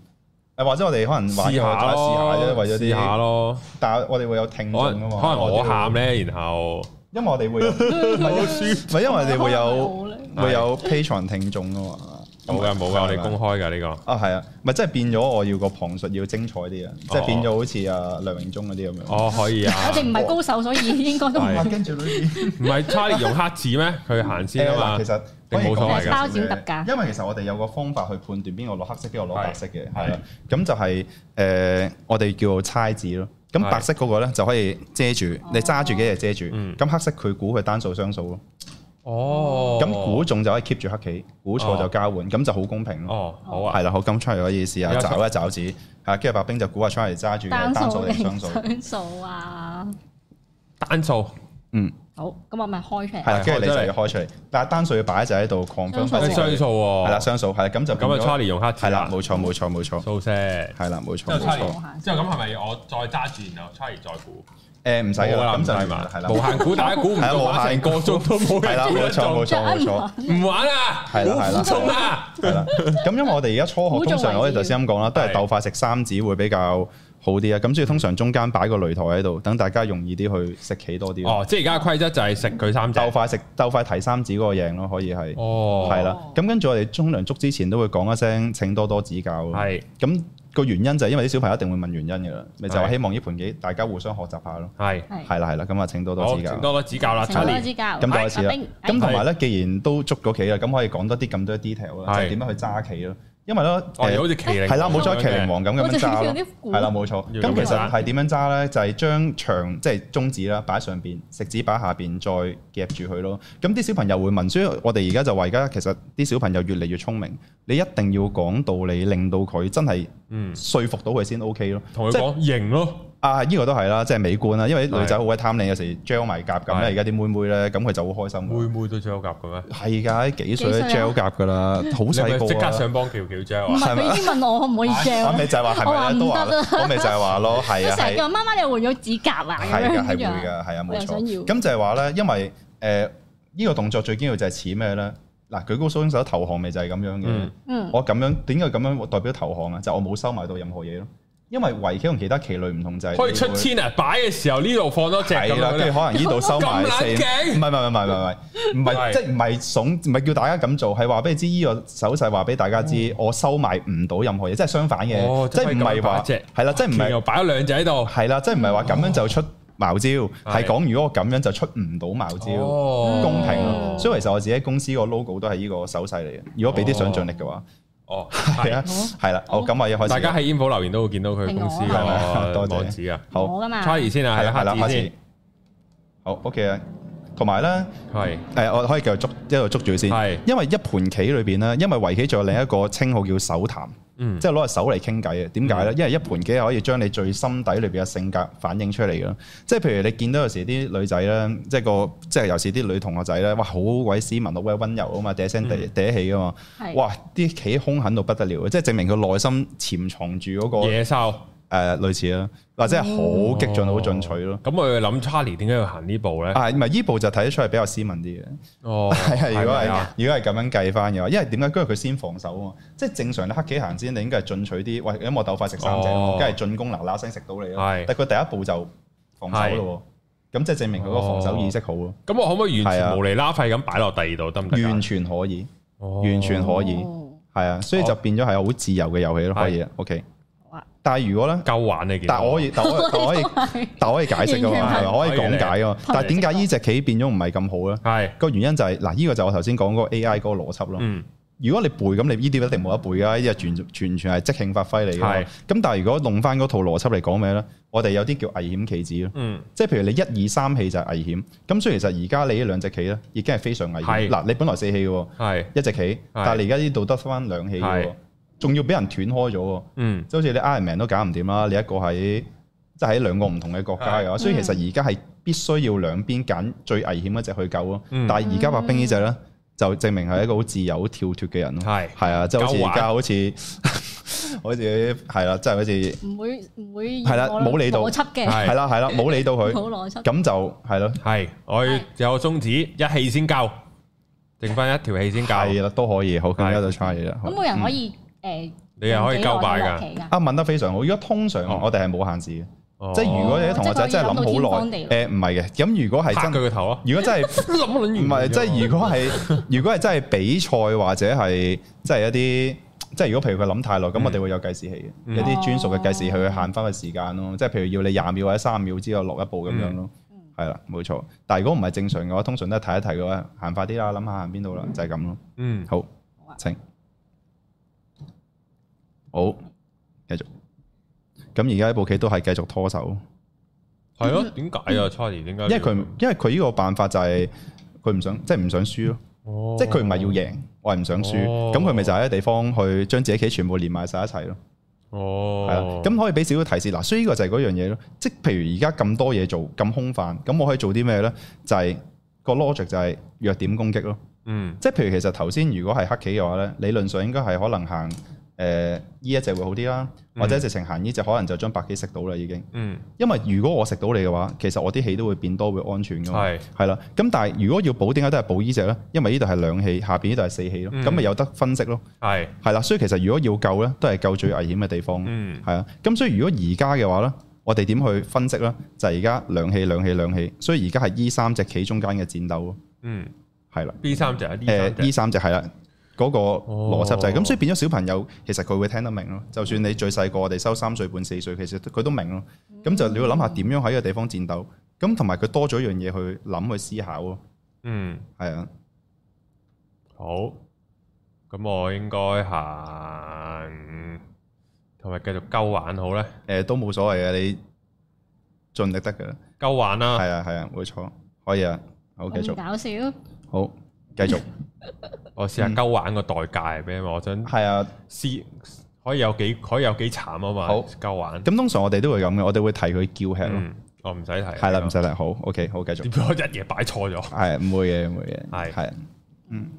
S4: 或者我哋可能玩下啦，試下即為咗
S1: 啲，但係我哋會有聽
S4: 眾噶嘛。可能我喊
S1: 咧，然後因為我哋會，唔係要舒
S4: 唔係因為我哋會有 會有， 有 Patreon 聽眾噶嘛。冇噶冇噶，我哋公開
S1: 噶呢個。啊係啊，
S4: 咪即係變咗我要個旁述要精彩啲啊！即係變咗好似啊，梁榮忠嗰啲
S1: 咁樣。哦，可以啊。我哋唔係
S4: 高手，所以應該都
S1: 唔會跟住你。唔係猜啲用黑字咩？佢行先啊嘛。其實冇錯嘅。包剪揼
S4: 㗎。因為其實我哋有個方法去判斷邊個攞黑色，邊個攞白色嘅。係啊，咁就係誒，我哋叫做猜字咯。咁白色嗰個咧就可以遮住，你揸住幾隻遮住。咁黑色佢估佢單數雙數咯。哦，咁估中就可以 keep 住黑棋，估錯就交換，咁就好公平咯。哦，好啊。係啦，好，咁 Charlie 可以試下走一走子，係跟住白兵就估下 Charlie 揸住單數、雙數啊。單數。嗯。
S2: 好，咁我咪開出嚟。係，跟住你就要
S4: 開出嚟。但係單數要擺就喺度擴張。雙數。係啦，雙數，係咁就變咗。咁啊 Charlie 用黑棋。係啦，冇錯，冇錯，冇錯。數先，係啦，冇錯，冇錯。之後
S1: 之後咁係咪我再揸住，然後 Charlie 再估？
S4: 誒，唔使噶啦，咁就係埋啦，係啦，無限股打股唔做，無限歌足都冇人冇得做，冇錯冇錯冇錯，唔玩啊，係啦係啦，唔沖啦，係啦，咁因為我哋而家初學，通常我哋頭先咁講啦，都係鬥快食三子會比較好啲啦，咁所以通常中間擺個擂台喺度，等大家容易啲去食起多啲。哦，
S1: 即係而家嘅規則就係食佢三子，鬥快食鬥
S4: 快提三子嗰個贏咯，可以係。哦，係啦，咁跟住我哋沖涼粥之前都會講一聲，請多多指教咯。係，咁。個原因就係因為啲小朋友一定會問原因㗎啦，咪就係希望呢盤棋大家互相學習下咯。係係啦係啦，咁啊請多多指教。多多指教啦，請多多指教咁多謝啦。咁同埋咧，既然都捉過棋啦，咁可以講多啲咁多 detail 咯，就點樣去揸棋咯？因為咧誒，係啦，冇咗棋靈王咁樣揸咯，係啦冇錯。咁其實係點樣揸咧？就係將長即係中指啦，擺喺上邊，食指擺喺下邊，再夾住佢咯。咁啲小朋友會問，所以我哋而家就話而家其實啲小朋友越嚟越聰明，你一定要講道理，令到佢真係。嗯，説服到佢先 OK 咯，同佢講型咯，啊呢個都係啦，即係美觀啦，因為女仔好鬼貪靚，有時 gel 埋甲咁咧，而家啲妹妹咧，咁佢就會開心。妹妹都 gel 甲嘅咩？係㗎，幾歲都 gel 甲噶啦，好細個即刻想幫
S1: 喬喬 gel 唔係佢
S4: 已經問
S2: 我可唔可以 gel？我咪就係話，我話唔得咯。我咪就係
S4: 話咯，係啊係。成個
S2: 媽媽你換咗指甲啊咁樣樣啊，冇想要。咁就
S4: 係話咧，因為誒呢個動作最緊要就係似咩咧？嗱，舉高雙手投降咪就係咁樣嘅。我咁樣點解咁樣代表投降啊？就我冇收埋到任何嘢咯。因為圍棋同其他棋類唔同就係可以出千
S1: 啊！擺嘅時候呢度放多隻咁樣，跟住可能呢度收埋四。咁唔係唔係唔係唔係唔係即
S4: 係唔係聳唔係叫大家咁做，係話俾你知依個手勢話俾大家知，我收埋唔到任何嘢，即係相反嘅，即係唔係話即係係啦，擺咗兩隻喺度，即係唔係話咁樣就出。茅招係講，如果我咁樣就出唔到茅招，公平咯。所以其實我自己公司個 logo 都係呢個手勢嚟嘅。如果俾啲想像力嘅話，哦，係啊，係啦，哦，咁我一開始大家喺
S1: email 留言都會見到佢公司嘅網址啊，好
S4: ，Charlie 先啊，係啦，開始，好 OK。同埋咧，係誒是、哎，我可以繼續捉，一路捉住先。係是，因為一盤棋裏邊咧，因為圍棋仲有另一個稱號叫手談，嗯、即係攞個手嚟傾偈嘅。點解咧？因為一盤棋可以將你最心底裏邊嘅性格反映出嚟嘅。即係譬如你見到有時啲女仔咧，即係個即係尤其是啲女同學仔咧，哇，好鬼斯文，好鬼温柔啊嘛，嗲聲嗲嗲起噶嘛，哇，啲棋兇狠到不得了，即係證明佢內心潛藏住嗰、那個野獸生。野誒，類似啦，或者係好激進、好進取咯。咁我諗，Charlie 點解要行呢步咧？啊，唔係呢步就睇得出係比較斯文啲嘅。哦，係係，如果係如果係咁樣計翻嘅話，因為點解？因為佢先防守啊嘛。即係正常你黑棋行先，你應該係進取啲。喂，有冇鬥快食三隻？梗係進攻嗱嗱聲食到你啦。但佢第一步就防守咯。咁即係證明佢個防守意識好咯。咁我可唔可以完全無釐拉廢咁擺落第二度得唔得？完全可以，完全可以。係啊，所以就變咗係好自由嘅遊戲咯。可以，OK。但係如果咧夠玩你嘅，但係我可以，但可以，但可以解釋嘅嘛，係咪？可以講解嘅。但係點解呢隻棋變咗唔係咁好咧？係個原因就係嗱，呢個就我頭先講嗰個 AI 嗰個邏輯咯。嗯。如果你背咁，你呢啲一定冇得背嘅，呢啲係全全全係即興發揮嚟嘅。係。咁但係如果弄翻嗰套邏輯嚟講咩咧？我哋有啲叫危險棋子咯。嗯。即係譬如你一二三氣就係危險。咁所以其實而家你呢兩隻棋咧，已經係非常危險。係。嗱，你本來四氣喎。係。一隻棋，但係你而家呢度得翻兩氣嘅喎。仲要俾人斷開咗喎，即係好似你 Ironman 都搞唔掂啦。你一個喺即係喺兩個唔同嘅國家嘅，所以其實而家係必須要兩邊揀最危險一隻去救咯。但係而家白兵呢隻咧，就證明係一個好自由、好跳脫嘅人咯。係係啊，即係好似而家好似
S1: 好似係啦，即係好似唔會
S3: 唔會係啦，冇理到我插嘅係啦係啦，冇理到佢咁
S1: 就係咯。係我有宗旨，一氣先救，剩翻一條氣先救，啦，都可以好，咁而家就 try 啦。咁冇人可以。
S4: 誒，你又可以夠擺㗎，啊問得非常好。如果通常我哋係冇限時嘅，即係如果你啲同學仔真係諗好耐，誒，唔係嘅。咁如果係真，打佢個頭咯。如果真係諗唔係，即係如果係，如果係真係比賽或者係即係一啲，即係如果譬如佢諗太耐，咁我哋會有計時器嘅，一啲專屬嘅計時器去限翻個時間咯。即係譬如要你廿秒或者三秒之後落一步咁樣咯，係啦，冇錯。但係如果唔係正常嘅話，通常都係提一提嘅話，行快啲啦，諗下行邊度啦，就係咁咯。嗯，好，請。好，繼續。咁而家呢部棋都係繼續拖手，
S1: 係咯、嗯？點解啊，Charlie？點解？因為佢，
S4: 因為佢呢個辦法就係佢唔想，即係唔想哦、即係唔想輸咯。
S1: 即係佢唔係
S4: 要贏，我係唔想輸。咁佢咪就喺啲地方去將自己棋全部連埋晒一齊咯。
S1: 哦，係啊，咁
S4: 可以俾少少提示。嗱，所以呢個就係嗰樣嘢咯。即係譬如而家咁多嘢做，咁空泛，咁我可以做啲咩咧？就係、係、個 logic 就係弱點攻擊咯。嗯，即係譬如其實頭先如果係黑棋嘅話咧，理論上應該係可能行。誒，依、呃、一隻會好啲啦，或者直情行依隻可能就將白棋食到啦，已經。嗯。因為如果我食到你嘅話，其實我啲氣都會變多，會安全噶嘛。係是。係啦，咁但係如果要補，點解都係補依隻咧？因為呢度係兩氣，下邊呢度係四氣咯，咁咪、嗯、有得分析咯。係是。係啦，所以其實如果要救咧，都係救最危險嘅地方。嗯。係啊，咁所以如果而家嘅話咧，我哋點去分析咧？就係而家兩氣、兩氣、兩氣，所以而家係依三隻棋中間嘅戰鬥咯。
S1: 嗯。係啦的。B 三隻啊。
S4: 三、呃、隻係啦。嗰個邏輯就係咁，所以變咗小朋友其實佢會聽得明咯。就算你最細個，我哋收三歲半、四歲，其實佢都明咯。咁就你要諗下點樣喺個地方戰鬥，咁同埋佢多咗一樣嘢去諗去思考咯。嗯，係啊。
S1: 好，咁我應該行同埋繼續鳩玩好咧？誒，都冇所謂嘅，你盡力得嘅。鳩玩啦，係啊，係啊，冇錯，可以啊。好，繼續。搞笑，好，繼續。我試下夠玩個代價係咩？我想係啊，試可以有幾可以有幾慘啊嘛？好夠玩。
S4: 咁通常我哋都會咁嘅，我哋會提佢叫吃咯。
S1: 哦，唔使提，係啦，唔
S4: 使提。好，OK，好繼續。點解一
S1: 夜擺錯咗？
S4: 係唔會嘅，唔會嘅。係係，嗯，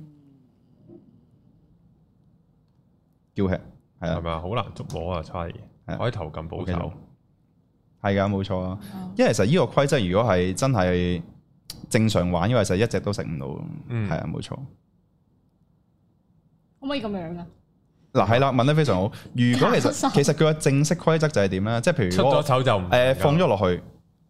S4: 叫吃係係咪？
S1: 好難捉摸啊，差嘢。開頭咁保守，
S4: 係噶冇錯啊。因為其實呢個規則如果係真係正常玩，因為實一隻都食唔到。嗯，係啊，冇錯。
S2: 可唔可以
S4: 咁樣噶？嗱係啦，問得非常好。如果其實其實佢嘅正式規則就係點咧？即係譬如出咗手就唔誒放咗落去，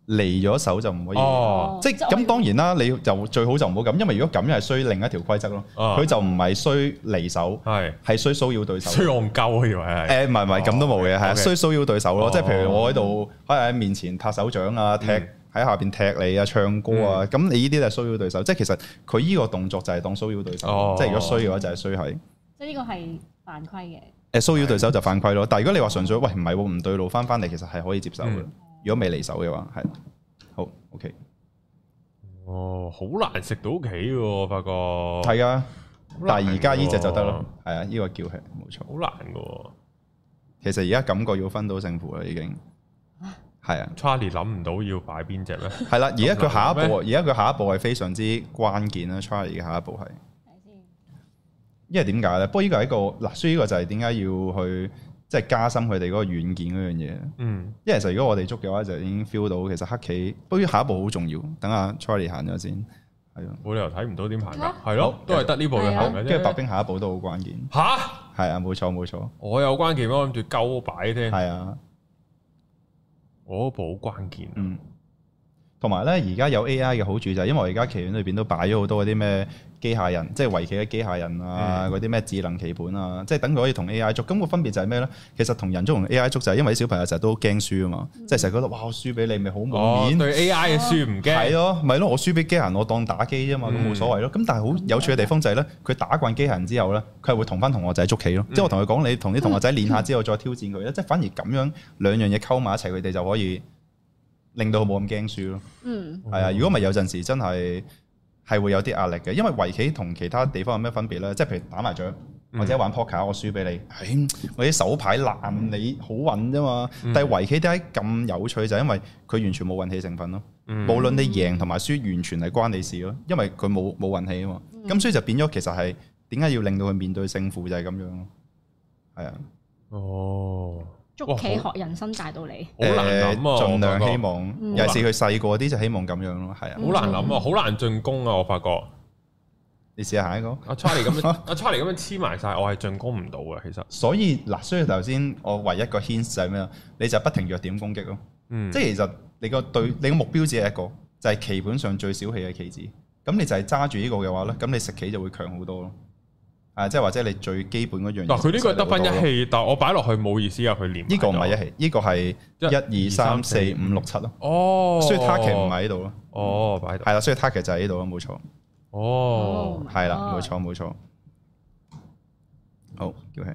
S4: 離咗手就唔可以。哦，即係咁當然啦，你就最好就唔好咁，因為如果咁又係衰另一條規則咯。佢就唔係衰離手，係係衰騷擾對手。衰戇鳩以為係誒唔係唔係咁都冇嘅，係衰騷擾對手咯。即係譬如我喺度可能喺面前拍手掌啊，踢喺下邊踢你啊，唱歌啊，咁你呢啲都係騷擾對手。即係其實佢依個動作就係當騷擾對手。即係如果衰嘅話就係衰喺。
S2: 所以呢個係
S4: 犯規嘅。誒，騷擾對手就犯規咯。的但係如果你話純粹喂唔係喎，唔對路翻翻嚟，其實係可以接受嘅。嗯、如果未離手嘅話，係。好，OK。哦，
S1: 好難食到屋企喎，發覺。係啊的。但係而家呢隻就得咯。係啊，呢、呢個叫係冇錯。好難嘅。
S4: 其實而家感覺要分到勝負啦，已經。係啊。
S1: 的 Charlie 諗唔到要擺邊隻咩？
S4: 係啦，而家佢下一步，而家佢下一步係非常之關鍵啦。Charlie 嘅下一步係。因為點解咧？不過依個係一個嗱，所以依個就係點解要去即係、就是、加深佢哋嗰個軟件嗰樣嘢。嗯，因為其實如果我哋捉嘅話，就已經 feel 到其實黑棋。不過於下一步好重要，等阿 Charlie 行咗先。
S1: 係啊，冇理由睇唔到點行啊。係咯好，續都係得呢步嘅行，跟住的白兵下一步都好關鍵。吓？
S4: 係啊，冇錯冇錯。錯
S1: 我有關鍵，我諗住勾擺添。係啊的，嗰步好關鍵。嗯。
S4: 同埋咧，而家有 A I 嘅好處就係，因為我而家棋院裏邊都擺咗好多嗰啲咩機械人，即係圍棋嘅機械人啊，嗰啲咩智能棋盤啊，嗯、即係等佢可以同 A I 捉。咁、個分別就係咩咧？其實同人捉同 A I 捉就係因為啲小朋友成日都驚輸啊嘛，嗯、即係成日覺得哇，我輸俾你咪好冇面。哦，對 A I 嘅輸唔驚。係咯、啊，咪係咯，就是、我輸俾機械人，我當打機啫嘛，咁冇所謂咯。咁、嗯、但係好有趣嘅地方就係咧，佢打慣機械人之後咧，佢係會同翻同學仔捉棋咯。嗯、即係我同佢講，你同啲同學仔練下之後再挑戰佢咧，即係反而咁樣兩樣嘢溝埋一齊，佢哋就可以。令到佢冇咁驚輸
S3: 咯，係
S4: 啊、嗯！如果咪有陣時真係係會有啲壓力嘅，因為圍棋同其他地方有咩分別咧？即係譬如打麻雀，嗯、或者玩撲克、哎，我輸俾你，唉！我啲手牌爛，你好運啫嘛。嗯、但係圍棋點解咁有趣就係、是、因為佢完全冇運氣成分咯，嗯、無論你贏同埋輸完全係關你事咯，因為佢冇冇運氣啊嘛。咁、嗯、所以就變咗其實係點解要令到佢面對勝負就係咁樣咯，係啊，哦。屋企學
S2: 人生大道
S4: 理，欸、好難諗啊！盡量希望，嗯、尤其是佢細個啲就希望咁樣咯，係、嗯、啊。好難諗啊，好難
S1: 進攻啊！我發覺，
S4: 你試下下一個。阿 Charlie 咁樣，阿
S1: Charlie 咁樣黐埋晒，我係進攻唔到啊！其實，
S4: 所以嗱，所以頭先我唯一,一個 hint 係咩啊？你就不停弱點攻擊咯。嗯、即係其實你個對，你個目標只係一個，就係棋盤上最小氣嘅棋子。咁你就係揸住呢個嘅話咧，咁你食棋就會強好多咯。啊！即係或者你最基本嗰樣嘢。嗱，佢呢個係得翻一氣，
S1: 但係我擺落去冇意思啊！佢連呢個唔係一氣，呢、
S4: 這個係一二三四五六七咯。
S1: 哦，所以 target 唔喺呢度咯。哦，係啦
S4: 了，所以 target 就喺呢度咯，冇錯。哦，係啦，冇錯
S1: 冇錯。好叫起。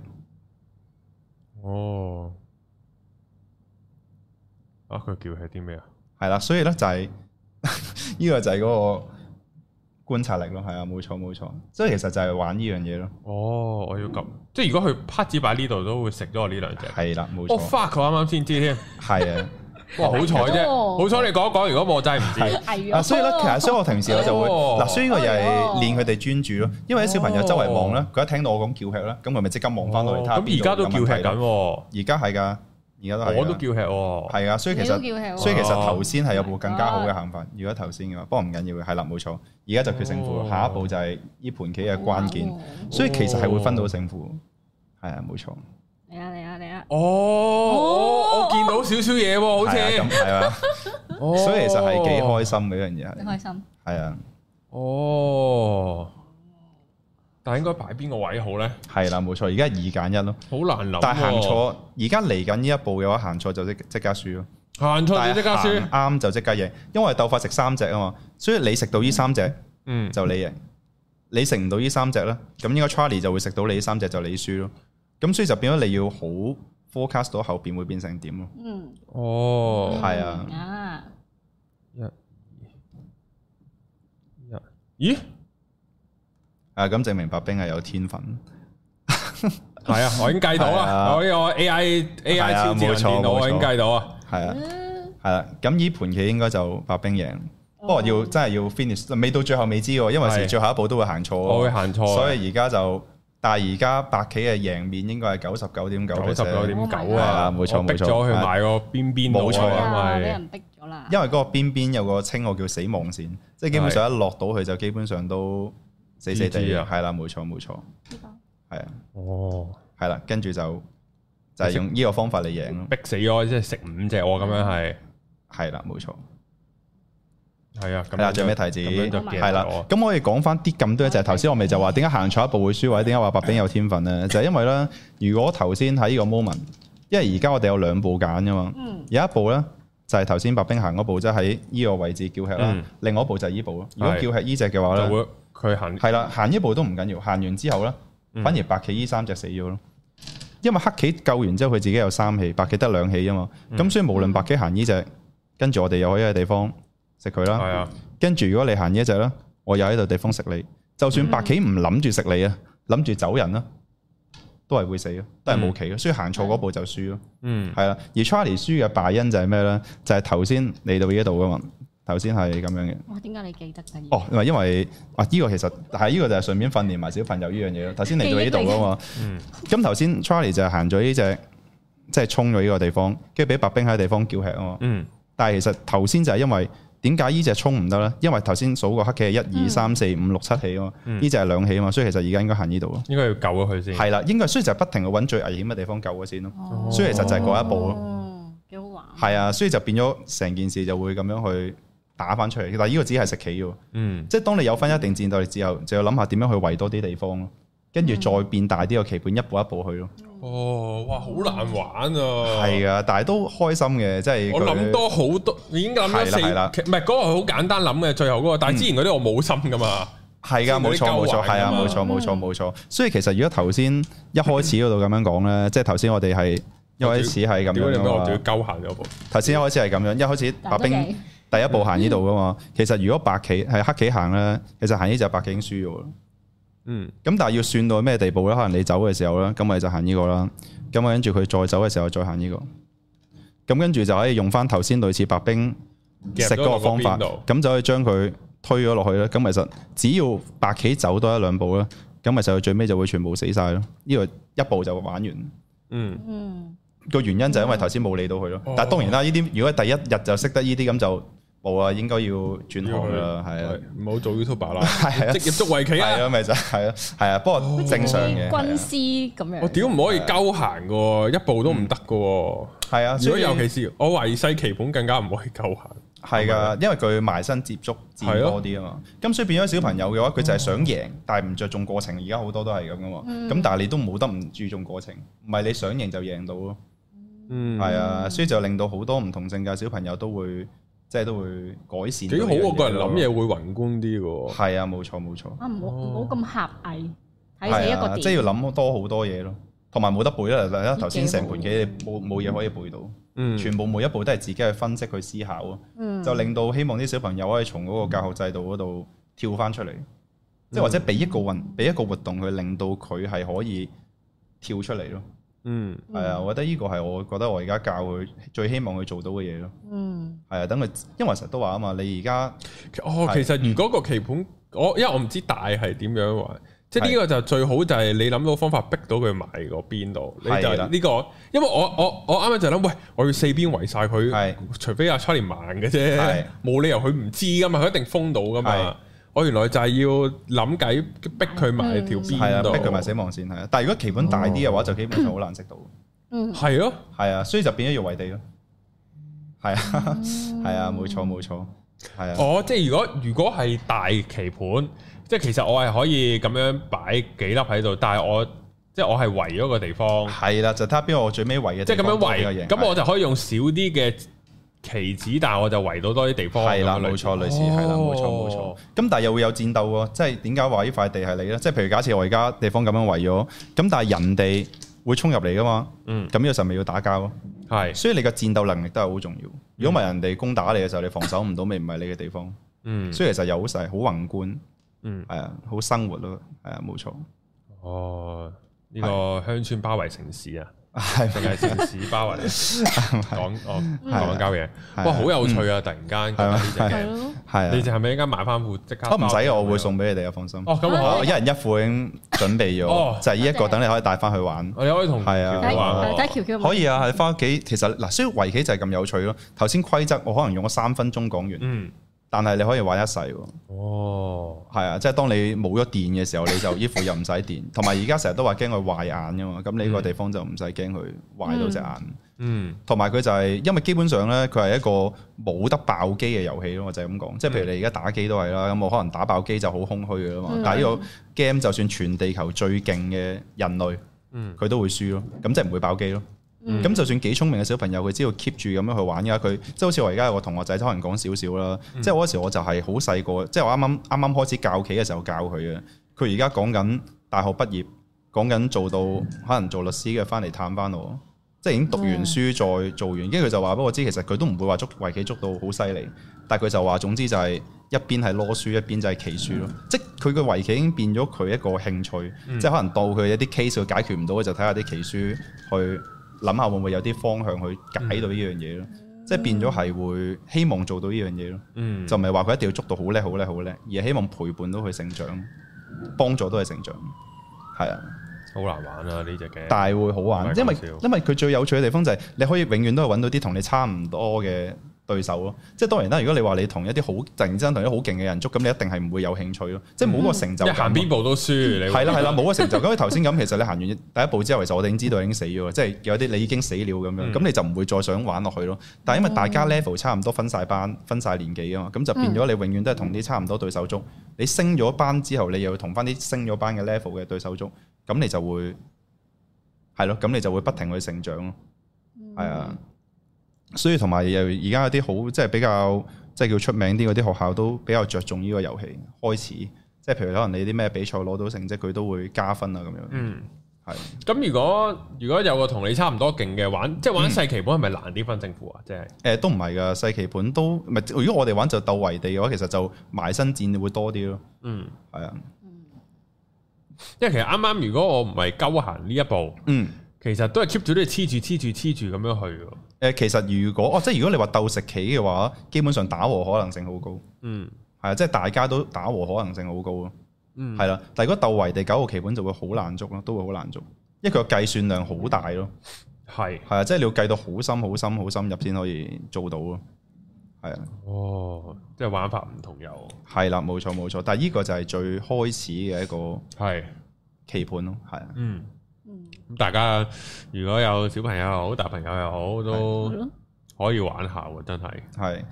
S1: 哦。啊，佢叫氣啲咩啊？
S4: 係啦，所以咧就係、是、呢 個就係嗰、那個。觀察力咯，係啊，冇錯
S1: 冇錯，即係其實就係玩呢樣嘢咯。哦，我要咁，即係如果佢拍子擺呢度，都會食咗我呢兩隻。係啦，冇錯。我 f 佢啱啱先知添。係啊，哇，好彩啫，好彩你講一講。如果我真係唔知，啊，所以咧，其實所以我平時我就會嗱，所以呢個又係練佢哋
S4: 專注咯。因為啲小朋友周圍望咧，佢一聽到我咁叫吃咧，咁我咪即刻望翻落嚟睇下邊度有問題。咁而家都叫吃緊喎，而家係㗎。而家都係，我都叫吃喎，係啊，所以其實，所以其實頭先係有個更加好嘅行法。如果頭先嘅話，不過唔緊要嘅，係啦，冇錯。而家就決勝負，下一步就係呢盤棋嘅關鍵。所以其實係會分到勝負，係啊，冇錯。嚟啊
S1: 嚟啊嚟啊！哦，我我見到少少嘢喎，好似係咁，係啊，
S4: 所以其實係幾開心嘅一樣嘢，幾開心係啊，哦。但應該擺邊個位好咧？係啦，冇錯，而家二揀一咯。好難諗。但行錯，而家嚟緊呢一步嘅話，行錯就即即刻輸咯。
S1: 行錯就即刻輸。啱
S4: 就即刻贏，因為鬥法食三隻啊嘛，所以你食到呢三隻，嗯，就你贏。你食唔到呢三隻咧，咁應該 Charlie 就會食到你三隻，就你輸咯。咁所以就變咗你要好 forecast 到後邊會變成點咯。嗯，哦、嗯，係、嗯、啊。啊、嗯！一、嗯、一、嗯，咦、嗯？啊，咁證明白兵係有天分，係啊，我已經計到啦，我呢個
S1: A I A I 超電腦我已經計到
S4: 啊，係啊，係啦，咁呢盤棋應該就白兵贏，不過要真係要 finish，未到最後未知喎，因為最後一步都會行錯，我會行錯，所以而家就，但係而家白棋嘅贏面應該係九十九點九，九十九點九啊，冇錯冇錯，逼咗去埋個
S1: 邊邊，冇錯，俾人逼咗啦，
S4: 因為嗰個邊邊有個稱我叫死亡線，即係基本上一落到去就基本上都。死死哋，係啦，冇錯冇錯，係啊，哦，係啦，跟住就就係用呢個方法嚟贏
S1: 逼死咗，即係食五隻，我咁樣係，係啦，冇錯，係啊，咁啊，仲咩提字？係啦，
S4: 咁我哋講翻啲咁多隻，頭先我咪就話，點解行錯一步會輸，或者點解話白兵有天分咧？就係因爲咧，如果頭先喺呢個 moment，因爲而家我哋有兩步揀噶嘛，有一步咧就係頭先白兵行嗰步，即係喺呢個位置叫吃啦，另外一步就係呢步咯。如果叫吃呢隻嘅話咧。佢行係啦，行一步都唔緊要，行完之後咧，嗯、反而白棋呢三隻死咗咯。因為黑棋救完之後，佢自己有三氣，白棋得兩氣啊嘛。咁、嗯、所以無論白棋行呢隻，跟住我哋又喺一個地方食佢啦。哎、呀 跟住如果你行呢隻咧，我又喺度地方食你。就算白棋唔諗住食你啊，諗住走人啦，都係會死咯，都係冇棋咯。嗯、所以行錯嗰步就輸咯。嗯，係啦。而 Charlie 輸嘅敗因就係咩咧？就係頭先嚟到呢度噶嘛。頭先係咁樣嘅。
S3: 哇！點
S4: 解你記得？哦，因為啊，依、這個其實係呢、啊這個就係順便訓練埋小朋友呢樣嘢咯。頭先嚟到呢度啊嘛。嗯。咁頭先 Charlie 就係行咗呢隻，即、就、係、是、衝咗呢個地方，跟住俾白兵喺地方叫吃啊嘛。嗯。但係其實頭先就係因為點解呢隻衝唔得咧？因為頭先數過黑棋係一二三四五六七起啊嘛。呢依隻係兩起啊嘛，所以其實而家應該行呢度咯。
S1: 應該要救佢先。係啦，
S4: 應該，所以就不停去揾最危險嘅地方救佢先咯。哦、所以其實就係嗰一步咯。哦，幾好玩。係啊，所以就變咗成件事就會咁樣去。打翻出嚟，但係呢個只係食棋喎，即係當你有翻一定戰鬥力之後就要諗下點樣去圍多啲地方咯，跟住再變大啲個棋盤，一步一步去
S1: 咯。哦，哇，好難玩啊！
S4: 係啊，但係都開心嘅，即係我諗多好
S1: 多，你已經諗咗四，唔係嗰個好簡單諗嘅最後嗰個，但係之前嗰啲我冇心噶嘛。係噶，冇錯冇錯，係啊，冇錯
S4: 冇錯冇錯。所以其實如果頭先一開始嗰度咁樣講啦，即係頭先我哋係一開始係咁樣啊。我仲要鳩行咗步。頭先一開始係咁樣，一開始白兵。第一步行呢度噶嘛，嗯、其實如果白棋係黑棋行咧，其實行呢隻白棋已經輸咗。嗯，咁但係要算到咩地步咧？可能你走嘅時候咧，咁咪就行呢個啦。咁我跟住佢再走嘅時候再行呢個，咁跟住就可以用翻頭先類似白兵食嗰個方法，咁就可以將佢推咗落去啦。咁其實只要白棋走多一兩步啦，咁咪就佢最尾就會全部死晒咯。呢個一步就玩完。嗯嗯，個原因就係因為頭先冇理到佢咯。嗯、但係當然啦，呢啲如果第一日就識得呢啲咁就。冇啊，應該要轉行啦，係啊，唔好做 YouTuber 啦，係啊，職業捉圍棋
S1: 啊，咪就係咯，係啊，不過正常嘅軍
S2: 師咁樣，我
S1: 屌唔可以鳩行嘅，一步都唔得嘅，係啊，如果尤其是我懷疑細棋盤更加唔可以鳩行。
S4: 係噶，因為佢埋身接觸佔多啲啊嘛，咁所以變咗小朋友嘅話，佢就係想贏，但係唔着重過程，而家好多都係咁噶嘛，咁但係你都冇得唔注重過程，唔係你想贏就贏到咯，嗯，係啊，所以就令到好多唔同性嘅小朋友都會。即係都會改善。幾好喎，個人諗嘢會宏觀啲喎。係啊，冇錯冇錯。錯啊，唔好唔
S2: 好咁狹隘，睇睇一個即係、啊就是、要諗
S4: 多好多嘢咯，同埋冇得背啦，頭先成盤棋冇冇嘢可以背到，嗯、全部每一步都係自己去分析去思考啊，嗯、就令到希望啲小朋友可以從嗰個教學制度嗰度跳翻出嚟，嗯、即係或者俾一個運俾一個活動去令到佢係可以跳出嚟咯。嗯，係啊，我覺得呢個係我覺得我而家教佢最希望佢做到嘅嘢咯。嗯，係啊，等佢，
S1: 因為成日都話啊嘛，你而家哦，其實如果個棋盤，的我因為我唔知大係點樣玩，即係呢個就最好就係你諗到方法逼到佢埋個邊度，你的就係呢個。因為我我我啱啱就諗，喂，我要四邊圍晒佢，的除非阿 Charlie 慢嘅啫，冇的理由佢唔知噶嘛，佢一定封到噶嘛。我原來就係要諗計逼佢埋條邊度、啊，逼佢埋死亡線。係啊，但係如果棋盤大啲嘅話，哦、就基本上好難食到。嗯、啊，係咯，係啊，所以就變咗用圍地咯。係啊，係、嗯、啊，冇錯冇錯，係啊。我、哦、即係如果如果係大棋盤，即係其實我係可以咁樣擺幾粒喺度，但係我即係我係圍咗個地方。係啦、啊，就睇下邊個我最尾圍嘅，即係咁樣圍嘅嘢，咁我就可以用少啲嘅。棋子，但係我就圍到
S4: 多啲地方。係啦，冇錯，類似係啦，冇錯冇錯。咁但係又會有戰鬥喎，即係點解話呢塊地係你咧？即係譬如假設我而家地方咁樣圍咗，咁但係人哋會衝入嚟噶嘛？嗯，咁呢個時候咪要打交咯。係，所以你嘅戰鬥能力都係好重要。如果唔係人哋攻打你嘅時候，你防守唔到，咪唔係你嘅地方。嗯，所以其實又好細，好宏觀。嗯，係啊，好生活咯。係啊，冇錯。
S1: 哦，呢個鄉村包圍城市啊！係，仲係城市包圍講。哦講交嘢，哇好有趣啊！突然間講呢隻嘢，係啊，你哋係咪應該買翻副即刻？哦，唔使，我會送俾你哋啊，放心。哦咁
S4: 好，一人一副已經準備咗，就係呢一個，等你可以帶翻去玩。你可以同係啊，橋橋可以啊，係翻屋企。其實嗱，雖然圍棋就係咁有趣咯。頭先規則我可能用咗三分鐘講完。嗯。但係你可以玩一世喎。哦，係啊，即係當你冇咗電嘅時候， 你就依副又唔使電。同埋而家成日都話驚佢壞眼噶嘛，咁你呢、嗯、個地方就唔使驚佢壞到隻眼。嗯，同埋佢就係、是、因為基本上咧，佢係一個冇得爆機嘅遊戲咯，我就係咁講。即係譬如你而家打機都係啦，咁我可能打爆機就好空虛噶啦嘛。但係呢個 game 就算全地球最勁嘅人類，佢都會輸咯，咁即係唔會爆機咯。咁、嗯、就算幾聰明嘅小朋友，佢只要 keep 住咁樣去玩噶。佢即係好似我而家有個同學仔，可能講少少啦。即係嗰時我就係好細個，即、就、係、是、我啱啱啱啱開始教棋嘅時候教佢嘅。佢而家講緊大學畢業，講緊做到可能做律師嘅，翻嚟探翻我。即、就、係、是、已經讀完書再做完，跟住佢就話，畀我知其實佢都唔會話捉圍棋捉到好犀利，但係佢就話總之就係一邊係攞書一邊就係棋書咯。即佢嘅圍棋已經變咗佢一個興趣，即係、嗯、可能到佢一啲 case 佢解決唔到嘅，就睇下啲棋書去，諗下會唔會有啲方向去解到呢樣嘢咯？嗯、即係變咗係會希望做到呢樣嘢咯。嗯、就唔係話佢一定要捉到好叻、好叻、好叻，而係希望陪伴到佢成長，幫助到佢成長。係啊，好難
S1: 玩啊呢隻嘅，這個、但係會
S4: 好玩，因為因為佢最有趣嘅地方就係你可以永遠都係搵到啲同你差唔多嘅。對手咯，即、就、係、是、當然啦。如果你話你同一啲好競爭、同一啲好勁嘅人捉，咁你一定係唔會有興趣咯。嗯、即係冇個成就，行邊
S1: 步都輸。你係啦係啦，冇個成就。咁你頭先
S4: 咁，其實你行完第一步之後，其實我哋已經知道已經死咗。即係有啲你已經死了咁樣，咁、嗯、你就唔會再想玩落去咯。但係因為大家 level 差唔多，分晒班、分晒年紀啊嘛，咁就變咗你永遠都係同啲差唔多對手捉。嗯、你升咗班之後，你又要同返啲升咗班嘅 level 嘅對手捉，咁你就會係咯，咁你就會不停去成長咯。係啊。所以同埋又而家有啲好即係比較，即係叫出名啲嗰啲學校都比較着重呢個遊戲開始，即係譬如可能你啲咩比賽攞到成績，佢都會加分啊咁樣。嗯，係。
S1: 咁如果如果有個同你差唔多勁嘅玩，即係玩細棋盤係咪難啲分勝負啊？即
S4: 係誒，都唔係噶，細棋盤都係。如果我哋玩就鬥圍地嘅話，其實就埋身戰會多啲咯。嗯，係啊。因
S1: 為其實啱啱如果我唔係鳩行呢一步，嗯，其實都係 keep 住都係黐住黐住黐住咁樣去。
S4: 誒，其實如果哦，即係如果你話鬥食棋嘅話，基本上打和可能性好高。嗯，係啊，即係大家都打和可能性好高咯。嗯，係啦。但係如果鬥圍地九號棋盤就會好難捉咯，都會好難捉，因為佢個計算量好大咯。係係啊，即係你要計到好深、好深、好深入先可以做到咯。係啊。哦，即係玩法唔同又。係啦，冇錯冇錯，但係呢個就係最開始嘅一個
S1: 係棋盤咯。係啊的。嗯。大家如果有小朋友又好，大朋友又好，都可以玩下喎，真係。係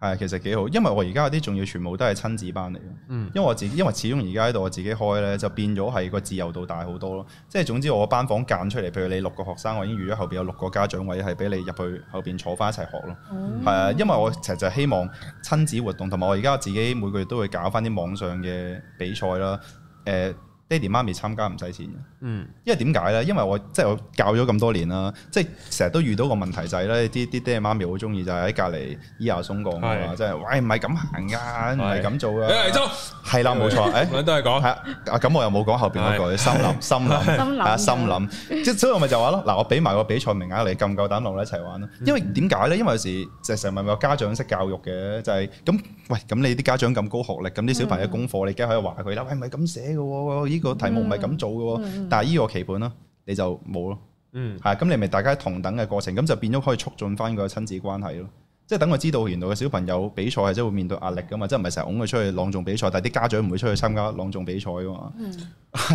S1: 係，
S4: 其實幾好，因為我而家啲仲要全部都係親子班嚟嘅。嗯，因為我自己，因為始終而家喺度我自己開咧，就變咗係個自由度大好多咯。即係總之，我班房揀出嚟，譬如你六個學生，我已經預咗後邊有六個家長位係俾你入去後邊坐翻一齊學咯。係啊、嗯，因為我其實就希望親子活動，同埋我而家自己每個月都會搞翻啲網上嘅比賽啦。誒、呃。爹哋媽咪參加唔使錢。嗯，因為點解咧？因為我即係我教咗咁多年啦，即係成日都遇到個問題就係咧，啲啲爹哋媽咪好中意就係喺隔離耳牙鬆講話，即係喂唔係咁行㗎，唔係咁做㗎，係啦，冇錯，誒，都係講，係咁我又冇講後邊嗰句，心諗心諗，心諗，即所以我咪就話咯，嗱，我俾埋個比賽名額你，夠唔夠膽同我一齊玩啊？因為點解咧？因為有時成成日咪有家長式教育嘅，就係咁，喂，咁你啲家長咁高學歷，咁啲小朋友功課，你梗係可以話佢啦，喂，唔係咁寫嘅喎，個題目唔係咁做嘅。嗯嗯、但係依個棋盤咯，你就冇
S3: 咯，係啊、
S4: 嗯，咁你咪大家同等嘅過程，咁就變咗可以促進翻個親子關係咯。即係等佢知道，原來個小朋友比賽係真會面對壓力噶嘛，即係唔係成日拱佢出去朗誦比賽，但係啲家長唔會出去參加朗誦比賽噶嘛，
S3: 嗯、的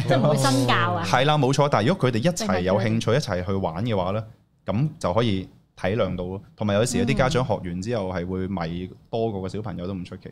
S3: 即係唔會身教啊。係啦，
S4: 冇錯。但係如果佢哋一齊有興趣，一齊去玩嘅話咧，咁就可以體諒到咯。同埋有時有啲家長學完之後係會迷多過個小朋友都唔出奇。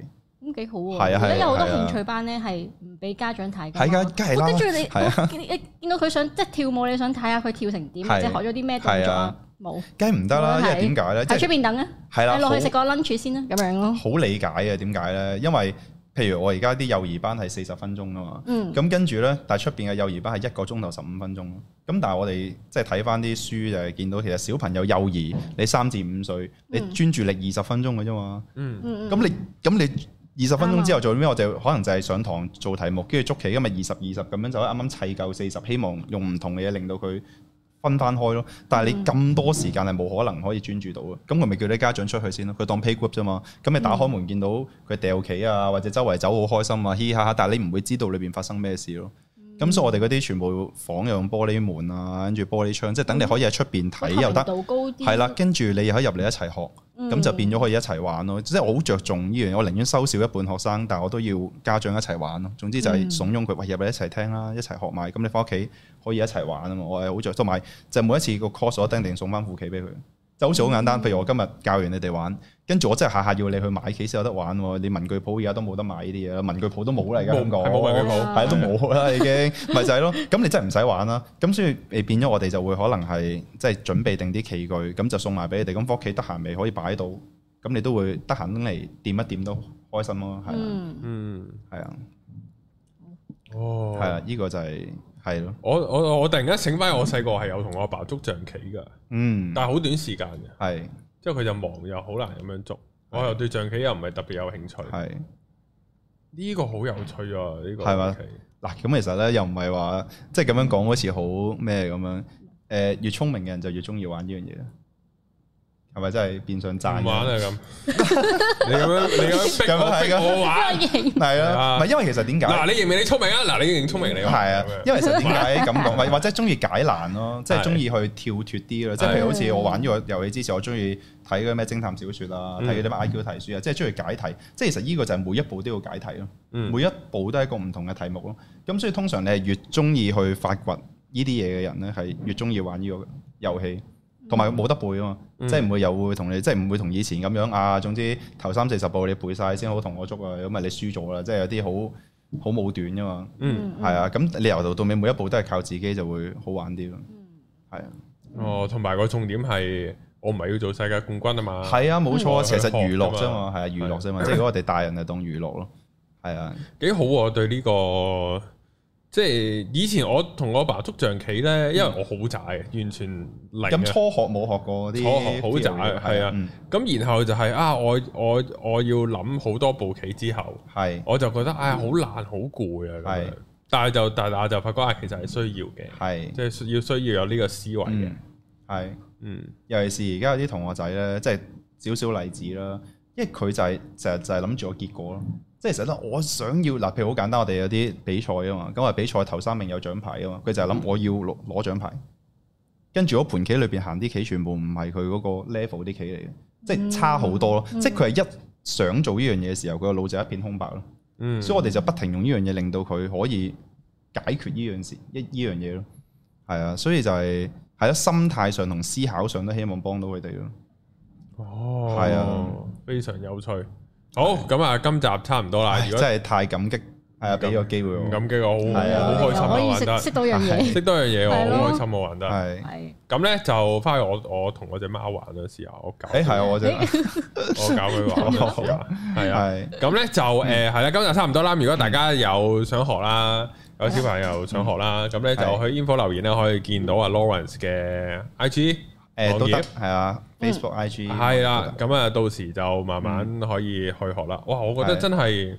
S2: 咁幾好喎！我覺得有好多興趣班咧，係唔俾家長睇㗎。係啊，梗係啦。跟住你，你見到佢想即係跳舞，你想睇下佢跳成點，或者學咗啲咩動作
S4: 冇？梗唔得啦！因為點解咧？即係出
S2: 邊等啊？係啦，你落去食個 lunch 先啦，咁樣咯。
S4: 好理解嘅。點解咧？因為譬如我而家啲幼兒班係四十分鐘啊嘛。咁跟住咧，但係出邊嘅幼兒班係一個鐘頭十五分鐘咁，但係我哋即係睇翻啲書，就係見到其實小朋友幼兒，你三至五歲，你專注力二十分鐘嘅啫嘛。
S3: 咁你
S4: 咁你。二十分鐘之後做啲咩？我就吧可能就係上堂做題目，跟住捉棋。咁咪二十二十咁樣，就啱啱砌夠四十，希望用唔同嘅嘢令到佢分翻開咯。但係你咁多時間係冇可能可以專注到嘅。咁佢咪叫啲家長出去先咯。佢當 pay group 啫嘛。咁你打開門見到佢掉棋啊，或者周圍走好開心啊，嘻嘻哈哈。但係你唔會知道裏邊發生咩事咯。咁、嗯、所以我哋嗰啲全部房又用玻璃門啊，跟住玻璃窗，即係等你可以喺出邊睇又得，係啦、嗯。跟住你又可以入嚟一齊學，咁、嗯、就變咗可以一齊玩咯。即係我好着重依樣，我寧願收少一半學生，但係我都要家長一齊玩咯。總之就係慫恿佢，喂，入嚟一齊聽啦，一齊學埋。咁你翻屋企可以一齊玩啊嘛。我係好着，同埋就每一次個 course 一定送翻副棋俾佢。就好似好簡單，譬如我今日教完你哋玩，跟住我真係下下要你去買棋先有得玩。你文具鋪而家都冇得買呢啲嘢啦，文具鋪都冇啦，而家冇個，冇文具鋪，係都冇啦，已經，咪 就係、是、咯。咁你真係唔使玩啦。咁所以，你變咗我哋就會可能係即係準備定啲棋具，咁就送埋俾你哋。咁屋企得閒咪可以擺到，咁你碰碰都會得閒嚟掂一掂都開心咯。係啊，嗯，係啊，哦，係啊，呢、這
S1: 個就係、是。係咯，我我我突然間醒翻，我細個係有同我阿爸捉象棋噶，嗯，但係好短時間嘅，係，之後佢就忙又好難咁樣捉，我又對象棋又唔係特別有興趣，係，呢個好有趣啊，呢個係嘛，嗱咁
S4: 其實咧又唔係話即係咁樣講好似好咩咁樣，誒越聰明嘅人就越中意玩呢樣嘢。係咪真係變相讚，玩都係
S1: 咁，你咁
S4: 樣，你咁，咁係噶，我玩，
S3: 係咯，
S4: 唔係因為其實點解？嗱，你認唔認你聰明啊？嗱，你認聰明嚟嘅？係啊，因為其實點解咁講？或或者中意解難咯，即係中意去跳脫啲咯。即係譬如好似我玩呢個遊戲之前，我中意睇嗰啲咩偵探小說啊，睇嗰啲咩 I Q 題書啊，即係中意解題。即係其實呢個就係每一步都要解題咯，每一步都係一個唔同嘅題目咯。咁所以通常你係越中意去發掘呢啲嘢嘅人咧，係越中意玩呢個遊戲，
S3: 同埋冇得
S4: 背啊嘛。即係唔會又會同你，即係唔會同以前咁樣啊！總之頭三四十步你背晒先好同我捉啊！因為你輸咗啦，即係有啲好好武斷噶嘛。嗯，係啊。咁你由頭到尾每一步都係靠自己，就會好玩啲咯。嗯，係
S1: 啊。哦，同埋個重點係我唔係要做世界冠軍啊嘛。係啊，冇錯啊。其實娛樂啫嘛，係啊，娛樂啫嘛。即係如果我哋大人就當娛樂咯。係啊。幾好啊！對呢個。即係以前我同我阿爸捉象棋咧，因為我好渣嘅，完全零嘅。咁初
S4: 學冇學過，啲初學好渣。係啊。
S1: 咁然後就係啊，我我我要諗好多步棋之後，係我就覺得唉，好難，好攰啊。係，但係就但係我就發覺啊，其實係需要嘅，係即係需要需要有呢個思維嘅，係，嗯，
S4: 尤其是而家有啲同學仔咧，即係少少例子啦，因為佢就係成日就係諗住個結果咯。即係實質，我想要嗱，譬如好簡單，我哋有啲比賽啊嘛，咁啊比賽頭三名有獎牌啊嘛，佢就係諗我要攞攞獎牌，跟住我盤棋裏邊行啲棋，全部唔係佢嗰個 level 啲棋嚟嘅，即係差好多咯，嗯、即係佢係一想做呢樣嘢嘅時候，佢個腦就一片空白咯。嗯，所以我哋就不停用呢樣嘢令到佢可以解決呢樣事一呢樣嘢咯，係啊，所以就係喺心態上同思考上都希望幫到佢哋咯。
S1: 哦，係啊，非常有趣。好，咁、哎、啊，今集差唔多啦。如果真係太感激，係啊，俾個機會唔感激我好，好開心，我玩得。可以識到樣嘢，識多樣嘢，我好開心我玩得。係。咁咧就翻去我我同我隻貓玩嘅時候，我搞。誒，係我隻，我搞佢玩嘅時候，係咁咧就誒係啦，今日差唔多啦。如果大家有想學啦，有小朋友想學啦，咁咧就去 info 留言咧，可以見到啊 Lawrence 嘅 IG。誒，都得係啊，Facebook、IG 係啦，咁啊，到時就慢慢可以去學啦。哇，我覺得真係，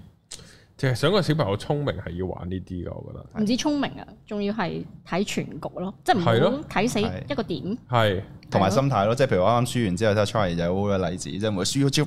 S1: 即係想個小朋友聰明係要玩呢啲噶，我覺得。
S2: 唔止聰明啊，仲要係睇全局咯，即係唔好睇死一個點。
S1: 係
S4: 同埋心態咯，即係譬如我啱輸完之後，即係出嚟，就好嘅例子，即係我輸咗招。